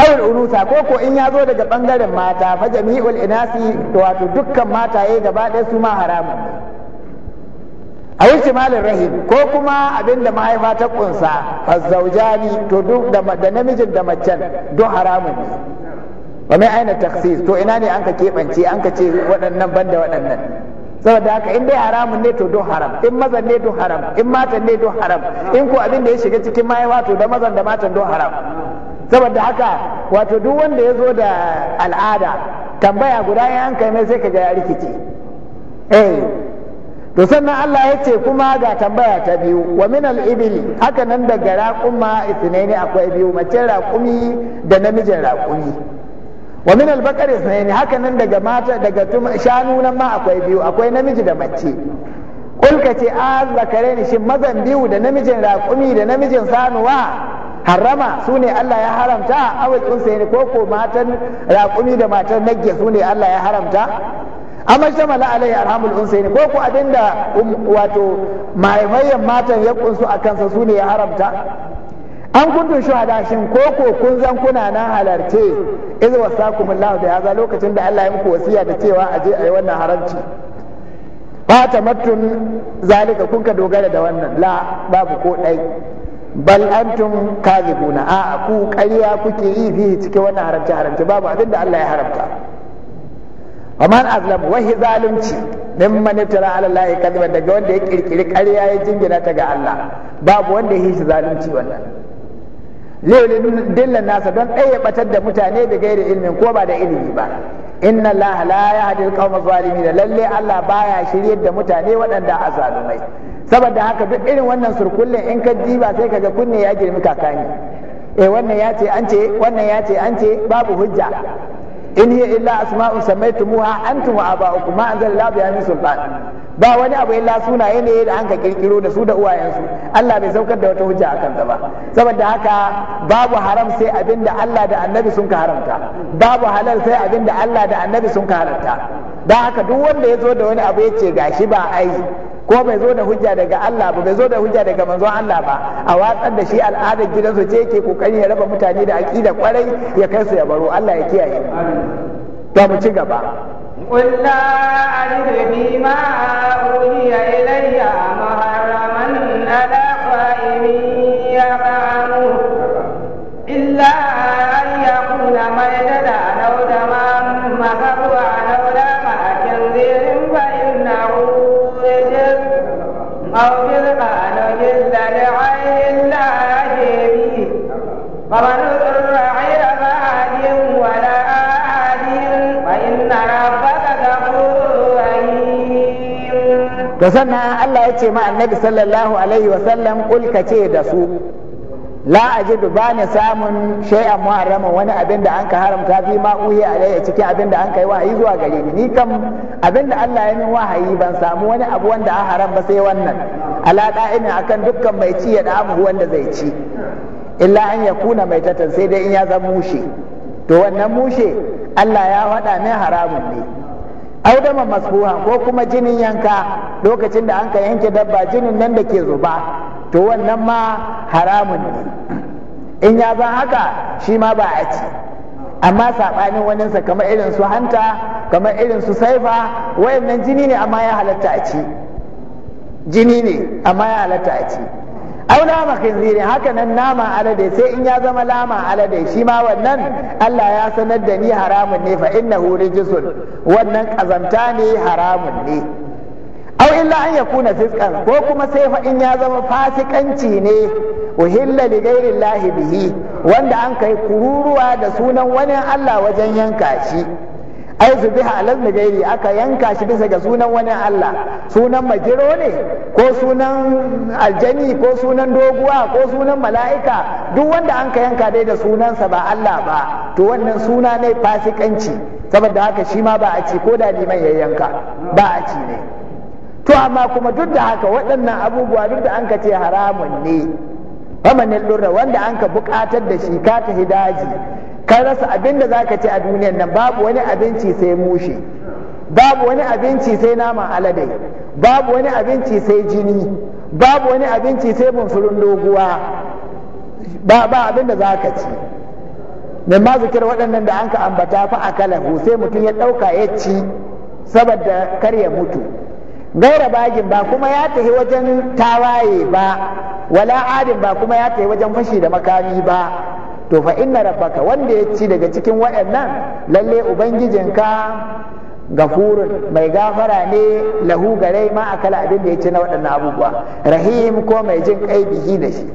awul ko ko in ya zo daga bangaren mata fa jami'ul inasi to wato dukkan mataye gaba ɗaya su ma haramun ihtimalin rahim ko kuma abinda mahaifa ta kunsa azzaujani to duk da namijin da macen duk haramun ne wa mai aina taksis to ina ne an ka keɓance an ka ce waɗannan banda waɗannan saboda haka in dai haramun ne to duk haram in mazan ne duk haram in matan ne duk haram in ko abin da ya shiga cikin mahaifa to da mazan da matan duk haram saboda haka wato duk wanda ya zo da al'ada tambaya guda in an kai mai sai ka ga ya rikici eh to sannan Allah ya ce kuma ga tambaya ta biyu wa min al-ibli haka nan daga raquma ithnaini akwai biyu mace raƙumi da namijin raƙumi. wa min al-baqari ithnaini haka nan daga mata daga shanu nan ma akwai biyu akwai namiji da mace ka ce a zakare ni shin mazan biyu da namijin raƙumi da namijin sanuwa harama su ne Allah ya haramta a awakin sai ne ko ko matan raƙumi da matan nagge su ne Allah ya haramta amma shamala alai arhamul unsayni ko ko abinda um, wato maimayan matan ya kunsu a kansa su ne ya haramta an kuntu shuhada shin ko ko kun zan kuna na halarce idza wasakumullahu da yaza lokacin da Allah ya muku wasiya da cewa a je a yi wannan haramci ba matun zalika kun ka dogara da wannan la babu ko dai bal antum kadhibuna a ku ƙarya kuke yi fi cikin wannan haramci haramci babu abinda Allah ya haramta man azlam wahi zalunci min man tara ala lahi kadiba daga wanda ya kirkiri ƙarya ya jingina ta ga Allah babu wanda ya shi zalunci wannan lele dillan nasa don ɗaya batar da mutane da gairi ilmin ko ba da ilimi ba inna allaha la yahdi alqawma zalimin lalle Allah baya shiryar da mutane waɗanda a saboda haka duk irin wannan surkullen in ka diba sai kaga kunne ya girmi kakani eh wannan ya ce an ce wannan ya ce an ce babu hujja in hiya illa asma'un sammaytumuha antum wa aba'ukum ma anzal la bi min sultan ba wani abu illa sunaye ne da anka kirkiro da su da uwayensu Allah bai saukar da wata hujja akan ta ba saboda haka babu haram sai abinda Allah da Annabi sun ka haramta babu halal sai abinda Allah da Annabi sun ka haramta dan haka duk wanda ya zo da wani abu ya ce gashi ba ai ko bai zo da hujja daga Allah ba bai zo da hujja daga manzo Allah ba a watsar da shi al'adar gidansu ce yake kokari ya raba mutane da aqida kwarai ya kai su ya baro Allah ya kiyaye za mu ci gaba. ma alifu fi ma'a uriya
ilayya maharaman alaƙa'imi.
to sannan Allah ya ce ma annabi sallallahu alaihi wa sallam kul ce da su la ajidu bani samun shay'an muharrama wani abin da anka haramta fi ma uhi alayya cikin abin da anka yi wahayi zuwa gare ni ni kam abin da Allah ya min wahayi ban samu wani abu wanda an haram ba sai wannan ala da'ina akan dukkan mai ci ya da'amu wanda zai ci illa an yakuna mai tatan sai dai in ya zama mushe to wannan mushe Allah ya haɗa min haramun ne audama masbuha ko kuma jinin yanka lokacin da an ka yanke dabba jinin nan da ke zuba to wannan ma haramun ne in ya zan haka shi ma ba a ci amma saɓanin waninsa kamar irin su hanta kamar irin su saifa wayannan jini ne amma ya halatta a ci jini ne amma ya halatta a ci au nama khinzirin haka nan nama alade sai in ya zama lama alade shi ma wannan Allah ya sanar da ni haramun ne fa innahu rijsun wannan kazamta ne haramun ne au illa an yakuna fiskan ko kuma sai fa in ya zama fasikanci ne uhilla li ghairi bihi wanda an kai kururuwa da sunan wani Allah wajen yanka shi ai su biha alal gairi aka yanka shi bisa ga sunan wani Allah sunan majiro ne ko sunan aljani ko sunan doguwa ko sunan mala'ika duk wanda an ka yanka dai da sunansa ba Allah ba to wannan suna ne fasikanci saboda haka shi ma ba a ci ko da liman ya yanka ba a ci ne to amma kuma duk da haka waɗannan abubuwa duk da an ka ce haramun ne famanin lura wanda an ka buƙatar da shi ka ta hidaji ka rasa abin da zaka ci a duniyan nan babu wani abinci sai mushe babu wani abinci sai naman alade babu wani abinci sai jini babu wani abinci sai bunfurin doguwa ba ba abin da zaka ci min ma zikir waɗannan da an ka ambata fa kala, sai mutum ya ɗauka ya ci saboda kar ya mutu gaira bagin ba kuma ya tafi wajen tawaye ba wala adin ba kuma ya tafi wajen fashi da makami ba to fa inna rabbaka wanda ya ci daga cikin waɗannan lalle ubangijinka gafurun mai gafara ne lahu gare ma kala abin da ya ci na waɗannan abubuwa rahim ko mai jin kai bihi da shi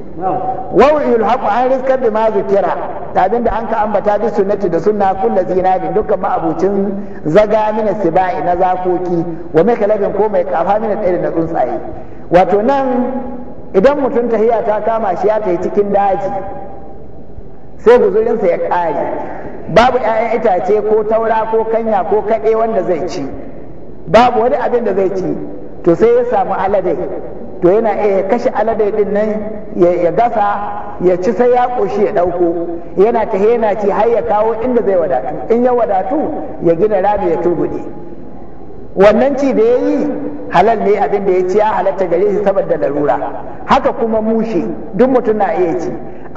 wa yulhaqu an rizqan bima zukira abin da an ka ambata bi sunnati da sunna kullu zinabin dukkan ma'abucin zaga mina sibai na zakoki wa mai kalabin ko mai kafa mina ɗaya na tsuntsaye wato nan idan mutum tahiya ta kama shi ya tafi cikin daji sai guzurinsa ya kare babu 'ya'yan itace ko taura ko kanya ko kaɗe wanda zai ci babu wani abin da zai ci to sai ya samu alade to yana iya kashe alade din nan ya gasa ya ci sai ya ƙoshi ya ɗauko yana ta yana ci har ya kawo inda zai wadatu in ya wadatu ya gina rami ya turbuɗe wannan ci da ya yi halal ne abin da ya ci ya halatta gare shi saboda larura haka kuma mushe duk mutum na iya ci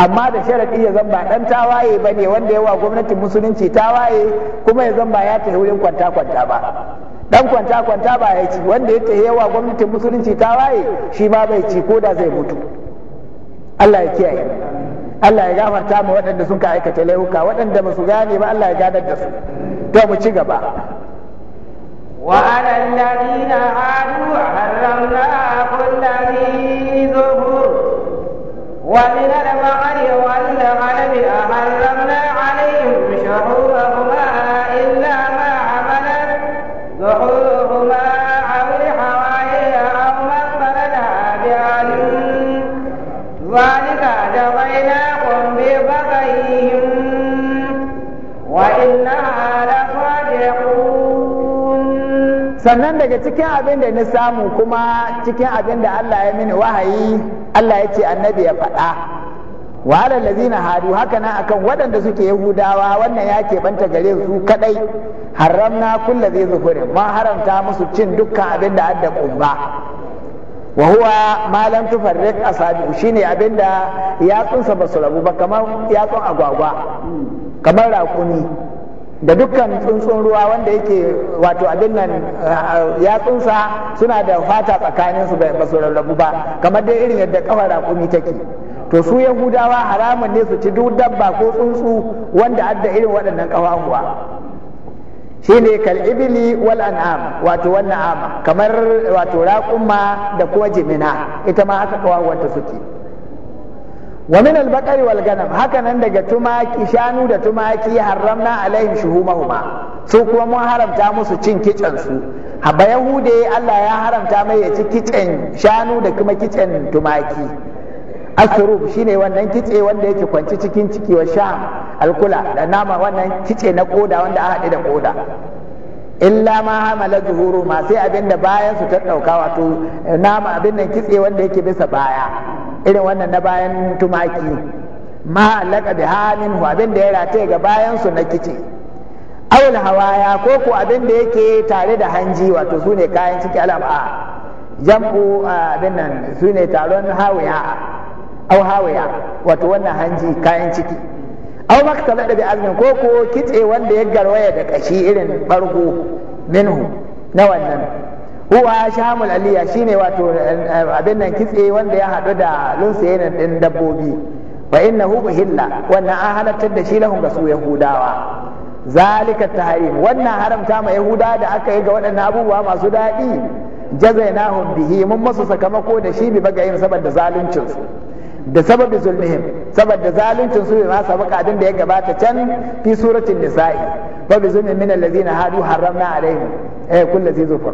amma da sharaɗi ya zan ba ɗan tawaye ba ne wanda yawa gwamnatin musulunci tawaye kuma ya zan ba ya tafi wurin kwanta kwanta ba dan kwanta kwanta ba ya ci wanda ya tafi yawa gwamnatin musulunci tawaye shi ma bai ci ko da zai mutu Allah ya kiyaye Allah ya gafarta mu waɗanda sun ka aikata laifuka waɗanda ba su gane ba Allah ya gadar da su to mu ci gaba وعلى
alladhina هادوا harramna kullu ومن المعن والغنم أهل
sannan daga cikin abin da na samu kuma cikin abin da Allah ya mini wahayi Allah ya ce annabi ya faɗa wa alallazina hadu haka nan akan waɗanda suke yahudawa wannan ya keɓanta gare su kadai haramna kulla zai zuhurin ma haramta musu cin dukkan abin da adda kumba wa huwa ma lam tufarriq asabi shine abin da yatsunsa basu rabu ba kamar yatsun agwagwa kamar raƙuni. da dukkan tsuntsun ruwa wanda yake wato abin nan eh, ya tsunsa suna da fata tsakanin su ba su rarrabu ba kamar dai irin yadda kafa raƙumi take to su yahudawa haramun ne su ci duk dabba ko tsuntsu wanda adda irin waɗannan ƙafafuwa shi ne kal'ibili wal an'am wato wannan ama kamar wato raƙuma da kuwa jimina ita ma haka ƙafafuwanta suke wa min al-baqari wal ganam haka nan daga tumaki shanu da tumaki haramna alaihim shuhumahuma su kuma mun haramta musu cin kitsen su haba yahude Allah ya haramta mai ya ci kitsen shanu da kuma kicen tumaki asrub shine wannan kitse wanda yake kwanci cikin ciki wa sha alkula da nama wannan kitse na koda wanda a hade da koda illa ma hamala zuhuru ma sai abinda bayan su ta dauka wato eh, nama abin nan kitse wanda yake bisa baya irin wannan na bayan tumaki ma alaka bi hamin abin da ya rataye ga bayan su na kitse. awul hawaya ko ko abin yake tare da hanji wato sune kayan ciki alama jam'u abin nan sune taron hawaya au hawaya wato wannan hanji kayan ciki aw maktala da bi azmin ko ko kitse wanda ya garwaya da kashi irin bargo minhu na wannan huwa shamul aliya shine wato eh, abin nan kitse wanda ya hadu da lunsayen din dabbobi inna hu buhilla wannan an halartar da shi lahum ga su yahudawa zalika tahrim wannan haramta ma yahuda da aka yi ga waɗannan abubuwa masu daɗi jazainahum bihi mun masu sakamako da shi bi bagayin saboda zaluncin su da sababi zulmihim saboda zaluncin su ma sabaka abin da ya gabata can fi suratul nisa'i wa bi zulmin min allazina hadu harramna alaihim eh kullu zufur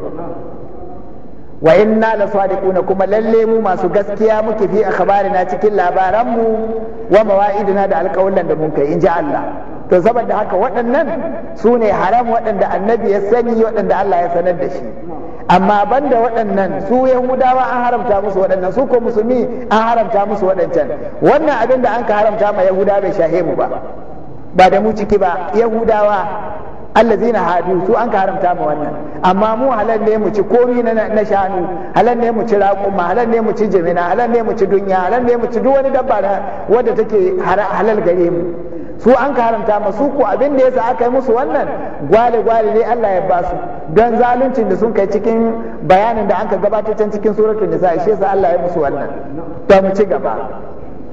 wa inna la sadiquna kuma lalle mu masu gaskiya muke fi akhbarina cikin labaran mu wa mawa'idina da alƙawlan da mun kai inji Allah to saboda haka waɗannan su ne haram waɗanda annabi ya sani waɗanda Allah ya sanar da shi amma banda waɗannan su yahudawa an haramta musu waɗannan su ko musulmi an haramta musu waɗancan wannan abin da an ka haramta ma yahuda bai shahe mu ba ba da mu ciki ba yahudawa zina hadu su an ka haramta mu wannan amma mu halal ne mu ci komi na na shanu halal ne mu ci raƙuma halal ne mu ci jimina halal ne mu ci dunya halal ne mu ci duk wani dabba wadda take halal gare mu su an ka haramta mu su ko abin da yasa aka yi musu wannan gwale gwale ne Allah ya ba su don zaluncin da sun kai cikin bayanin da an gabatar can cikin suratul nisa shi yasa Allah ya musu wannan ta mu ci gaba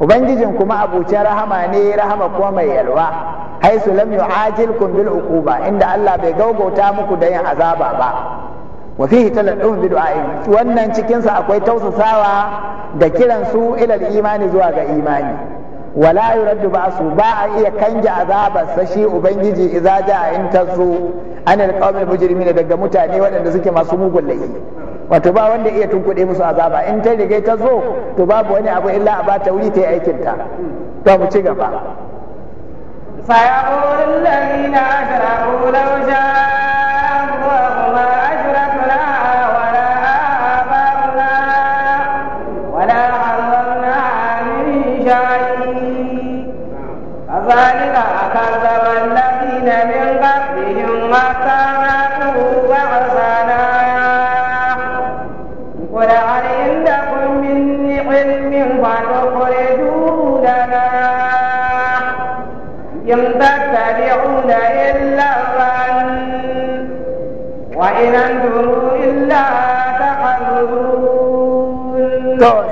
ubangijin kuma abuce rahama ne rahama kuma mai yalwa haisu lam yu'ajilkum bil uquba inda Allah bai gaugauta muku da yin azaba ba wa fihi taladduhum bi du'a'in wannan cikin sa akwai tausasawa da kiran su ila imani zuwa ga imani wala yuraddu ba'su ba a iya kange azabar sa shi ubangiji idza ja'a in tazu anil qawmil daga mutane waɗanda suke masu mugun laifi wato ba wanda iya tunkuɗe musu azaba in ta rige ta zo to babu wani abu illa a bata wuri ta yi aikin ta to mu ci gaba
sayaqulu alladhina ashraku law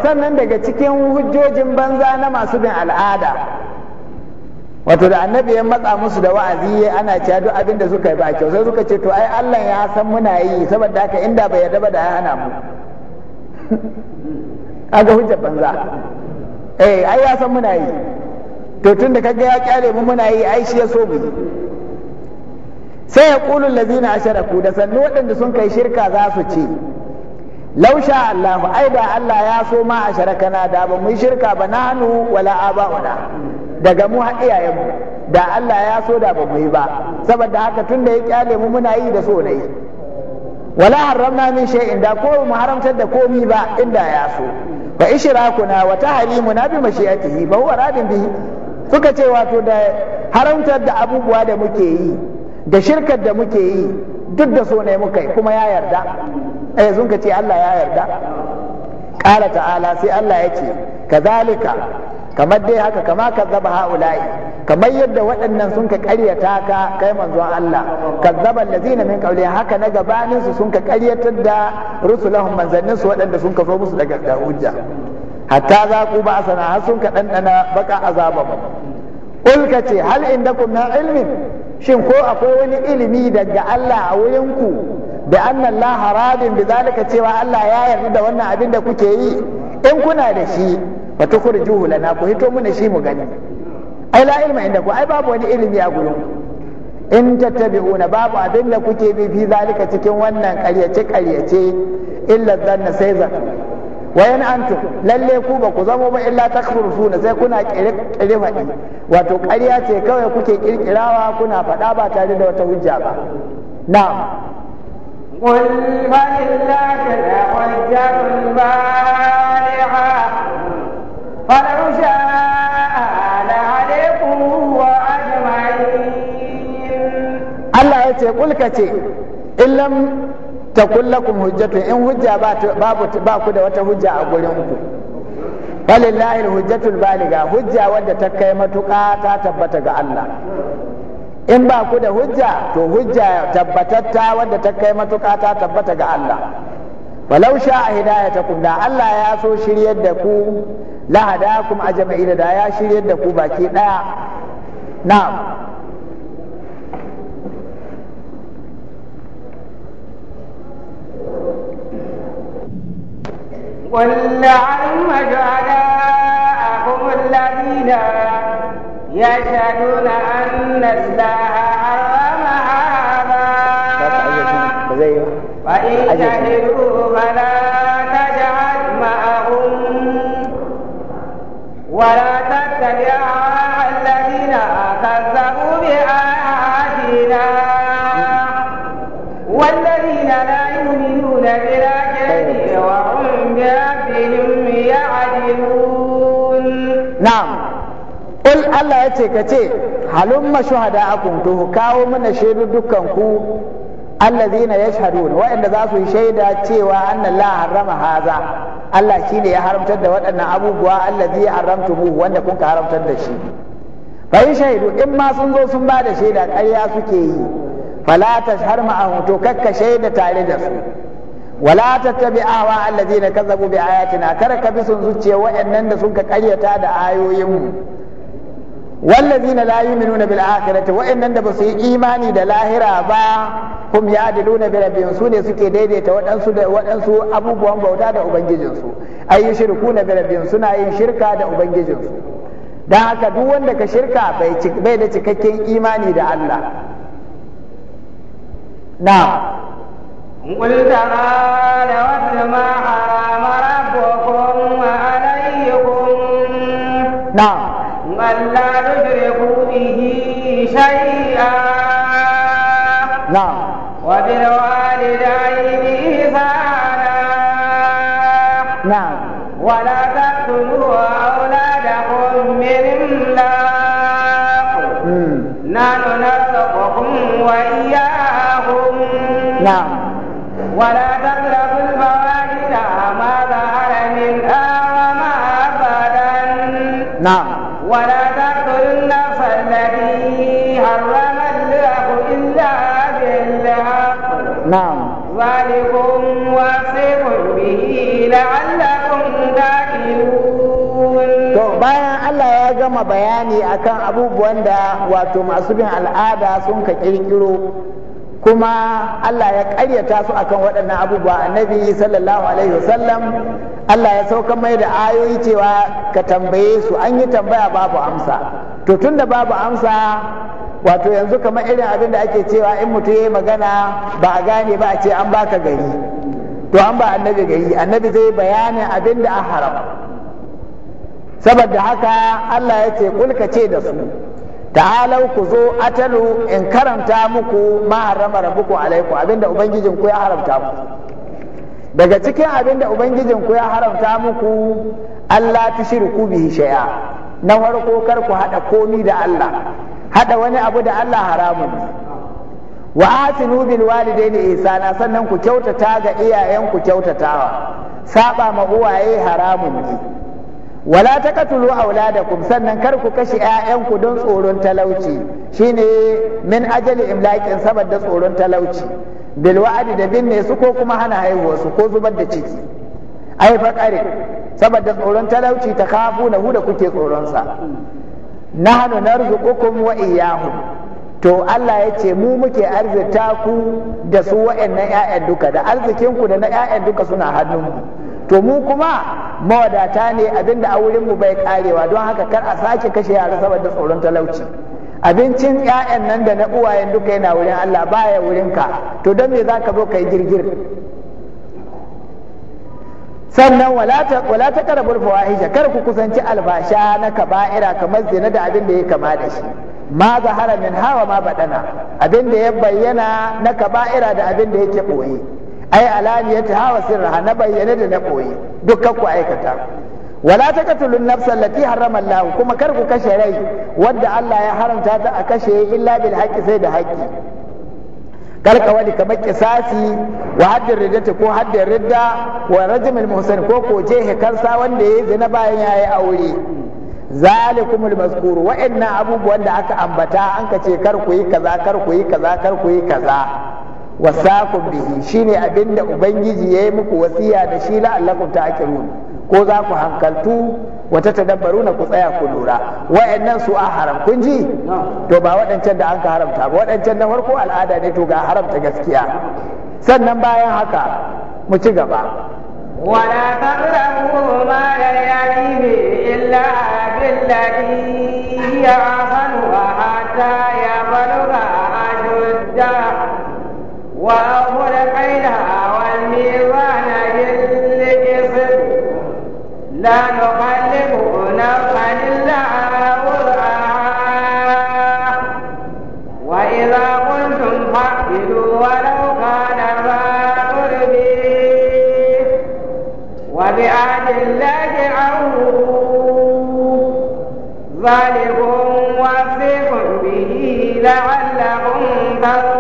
sannan daga cikin hujjojin banza na masu bin al'ada wato da annabi ya matsa musu da wa'azi ana cewa duk abin da suka yi ba kyau sai suka ce to ai Allah ya san muna yi saboda haka inda bai yarda ba da ya hana mu [laughs] kaga hujjar banza eh ai ya san muna yi to tun da kaga ya kyale mu muna yi ai shi ya so mu yi sai ya kulul ladina asharaku da sannu waɗanda sun kai shirka za su ce lausha Allah ai da Allah ya so ma a na da ba mu shirka ba nanu wala aba'una daga mu har iyayenmu da Allah ya so da ba mu yi ba saboda haka tun da ya kyale mu muna yi da so ne wala haramna min shay'in da ko mu haramtar da komi ba inda ya so fa ishrakuna wa tahrimuna bi mashi'atihi ba huwa radin suka ce wato da haramtar da abubuwa da muke yi da shirkar da muke yi duk da so ne muka yi kuma ya yarda eh sun ka ce Allah ya yarda ƙara ta'ala sai Allah ya ce kazalika kamar dai haka kama kazzaba haula'i kamar yadda waɗannan sun ka ƙaryata ka kai manzon Allah kazzaba allazina min qawli haka na gabanin su sun ka ƙaryatar da rusulahum manzannin su waɗanda sun ka zo musu daga da hujja hatta za ku ba sana har sun ka ɗanɗana baka azabamu ulka ce hal indakum na ilmin shin ko akwai wani ilimi daga Allah a wurinku da anna Allah radin bi zalika cewa Allah ya yarda da wannan abin da kuke yi in kuna da shi fa tukhrijuhu lana ku hito muna shi mu gani ai la ilma ku ai babu wani ilimi a gurin in tattabi'una babu abin da kuke bi fi zalika cikin wannan ƙaryace ƙaryace illa zanna sai wayan antu lalle ku ba ku zamo ba illa takfurfuna sai kuna kirkire faɗi wato ƙarya ce kawai kuke kirkirawa kuna faɗa ba tare da wata hujja ba na'am
قل فإنك لحجة بالغة فلو شاء لعليكم وأجمعين
الله يتقول كتير إن لم ta kullakum hujjatu in hujja ba ku da wata hujja a gurin ku walillahi hujjatul baliga hujja wadda ta kai matuƙa ta tabbata ga Allah in ba ku da hujja to hujja tabbatatta wadda ta kai matuka ta tabbata ga Allah walau sha a ta kunda Allah ya so shiryar da ku la hadakum ajma'ina da ya shiryar da ku baki ɗaya. na'am ولعلم
لعلم الذين يشهدون أن الله
ya ce ka ce halumma shuhada akun to kawo mana shaidu dukkan ku ya yashhadun waɗanda za su yi shaida cewa anna la harrama haza Allah ne ya haramtar da waɗannan abubuwa allazi haramtuhu wanda kuka haramtar da shi fa shaidu in ma sun zo sun ba da shaida ƙarya suke yi fala tashhar ma'ahum to kakka shaida tare da su wala tattabi awa allazina kazzabu bi ayatina kar ka bi sun zuciya waɗannan da suka ƙaryata da ayoyin mu wallazina la yu'minuna bil akhirati waɗannan da basu yi imani da lahira ba kum ya'diluna bi rabbihim su ne suke daidaita waɗansu da waɗansu abubuwan bauta da ubangijinsu ay yushrikuna bi rabbihim suna yin shirka da ubangijinsu dan haka duk wanda ka shirka bai da cikakken imani da Allah
na قل ممن لا نشرك به شيئا نعم وبالوالدين
gama bayani akan abubuwan da wato masu bin al'ada sun ka kirkiro kuma Allah ya ƙaryata su akan waɗannan abubuwa annabi sallallahu alaihi wasallam Allah ya sauka mai da ayoyi cewa ka tambaye su an yi tambaya babu amsa to tunda babu amsa wato yanzu kamar irin abin da ake cewa in mutum ya yi magana ba a gane ba a ce an baka gari to an ba annabi gari annabi zai bayanin abin da a haram saboda haka Allah ya ce kulka ce da su ta'alau ku zo atalu in karanta muku ma harama rabbuku alaiku abinda ubangijin ku ya haramta muku daga cikin abinda ubangijin ku ya haramta muku Allah tushriku bihi shay'a na farko kar ku hada komi da Allah hada wani abu da Allah haramun wa walidai ne Isa na sannan ku kyautata ga iyayen ku kyautatawa saba ma uwaye haramun ne wala ta da auladakum sannan kar ku kashe ƴaƴanku don tsoron talauci shine min ajali imlaƙin saboda tsoron talauci bil wa'adi da binne su ko kuma hana haihuwa su ko zubar da ciki ai fa faqari saboda tsoron talauci ta kafu na hu da kuke tsoron sa nahnu narzuqukum wa iyyahum to Allah ya ce mu muke arzita ku da su wa'annan ƴaƴan duka da arzikinku da na ƴaƴan duka suna hannunmu to mu kuma mawadata ne abinda a wurin mu bai karewa don haka kar a sake kashe yara saboda tsoron talauci abincin 'ya'yan nan da na uwayen duka yana wurin Allah baya wurin ka, to don me zaka zo kai girgir sannan wala ta karabul fawahisha kar ku kusanci albasha na kaba'ira kamar zina da abin da ya kama da shi ma zahara min hawa ma badana abin da ya bayyana na kaba'ira da abin da yake boye ai alaniyati hawa sirraha na bayyane da na boye dukkan ku aikata wala taqtulun nafsa allati harrama Allah kuma kar ku kashe rai wanda Allah ya haramta ta a kashe illa bil haqqi sai da haqqi ka wani kamar kisasi wa haddin riddata ko haddin ridda wa rajmul muhsan ko ko jehe kansa wanda yayi zina bayan yayi aure zalikumul mazkur wa'annan abubuwan da aka ambata an ka ce kar ku yi kaza kar ku yi kaza kar ku yi kaza Wasakun bihi shine abinda ubangiji yayi muku wasiya da shi la'allakum ta'qilun ko za ku hankaltu wata na ku tsaya ku lura wayannan su a haram kun ji to ba waɗancan da an ka haramta ba waɗancan na farko al'ada ne to ga haramta gaskiya sannan bayan haka mu ci gaba
ولا تقربوا مال اليتيم إلا بالتي هي أحسن حتى وأوفوا كيلها والميزان بالقسط لا نقلب نفعا إلا وضعها وإذا قلتم فاعدلوا ولو كان ما قربي وبعهد الله عوفوا ذلكم وصيكم به لعلهم تتقون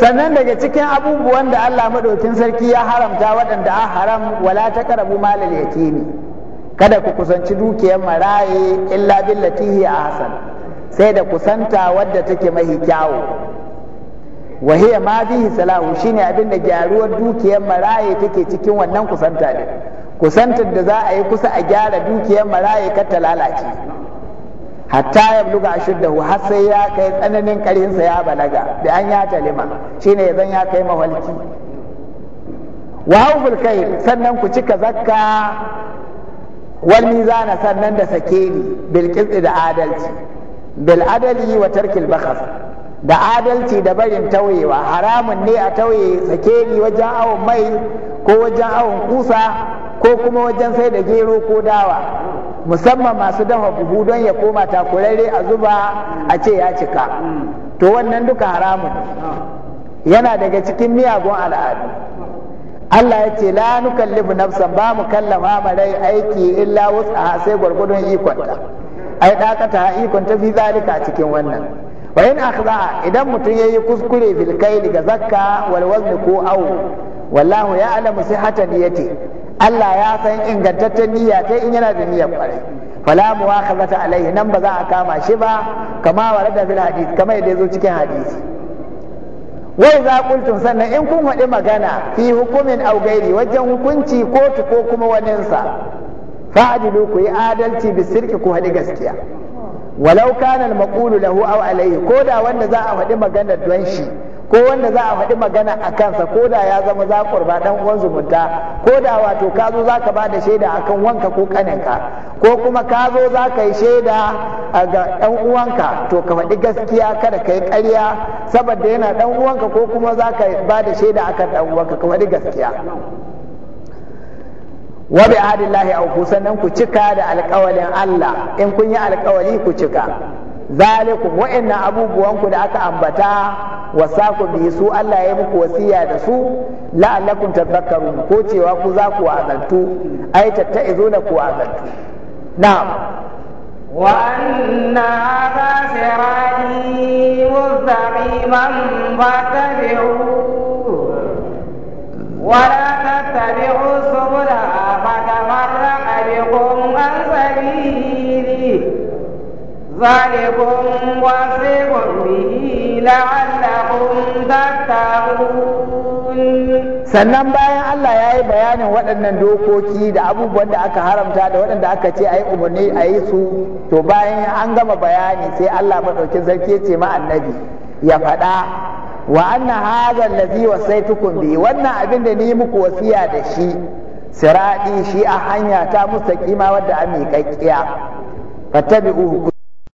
sannan daga cikin abubuwan da Allah madaukin sarki ya haramta waɗanda a haram wala ta karabu malal yatimi kada ku kusanci dukiyar maraye illa billati a Hassan, sai da kusanta wadda take mahi kyawu wa hiya ma bihi salahu shine abin da gyaruwar dukiyar maraye take cikin wannan kusanta ne kusantar da za a yi kusa a gyara dukiyar maraye kar ta lalace hatta ya bluga ashuddahu har sai ya kai tsananin karinsa ya balaga da an ya talima shine ya zan ya kai mawalki wa hauful kai sannan ku cika zakka wal mizana sannan da sakeli bil da adalci bil adali wa tarkil bakhas da adalci da barin tauyewa haramun ne a tauye sakeri wajen awon mai ko wajen awon kusa ko kuma wajen sai da gero ko dawa musamman masu dafa buhu don ya koma takurare a zuba a ce ya cika to wannan duka haramun yana daga cikin miyagun al'adu Allah ya ce la nukallibu nafsan ba mu kallama marai aiki illa wasu sai gwargwadon ikonta ai dakata ikon ta fi zalika a cikin wannan wa in akhda idan mutum yayi kuskure bil kaili ga zakka wal wazn ko aw wallahu ya'lamu sihhata niyyati Allah ya san ingantaccen niyya ta in yana da niyyar kwarai fala muwakhazata alaihi nan ba za a kama shi ba kama warada bil hadith kama yadda yazo cikin hadisi wai za kultum sannan in kun haɗi magana fi hukumin au gairi wajen hukunci kotu ko kuma waninsa fa'adilu ku yi adalci bisirki ku haɗi gaskiya walau kana maqulu lahu aw alayhi ko da wanda za a faɗi magana don shi ko wanda za a faɗi magana a kansa ko da ya zama za kurba dan uwan zumunta ko da wato ka zo za bada shaida akan wanka ko kaninka ko kuma ka zo za yi shaida ga dan uwanka to ka faɗi gaskiya kada ka yi ƙarya saboda yana dan uwanka ko kuma za bada shaida akan dan uwanka ka faɗi gaskiya wa bi ahdillahi aw ku sannan ku cika da alƙawalin Allah in kun yi alƙawali ku cika zalikum wa'annan abubuwan ku da aka ambata wasaku bi su Allah ya muku wasiya da su la'allakum tadhakkarun ko cewa ku za ku azantu ai tattaizuna ku azantu na'am wa
anna hadha sirati mustaqiman fattabi'u wa la tattabi'u subula ذلكم وصيكم به لعلهم
تتقون sannan bayan Allah ya yi bayanin waɗannan dokoki da abubuwan da aka haramta da waɗanda aka ce a yi umarni a yi su to bayan an gama bayani sai Allah maɗauki zarki ce ma annabi ya faɗa wa anna hadha allazi tukun bi wannan abin da ni muku wasiya da shi siradi shi a hanya ta mustaqima wadda amikakkiya fattabi'u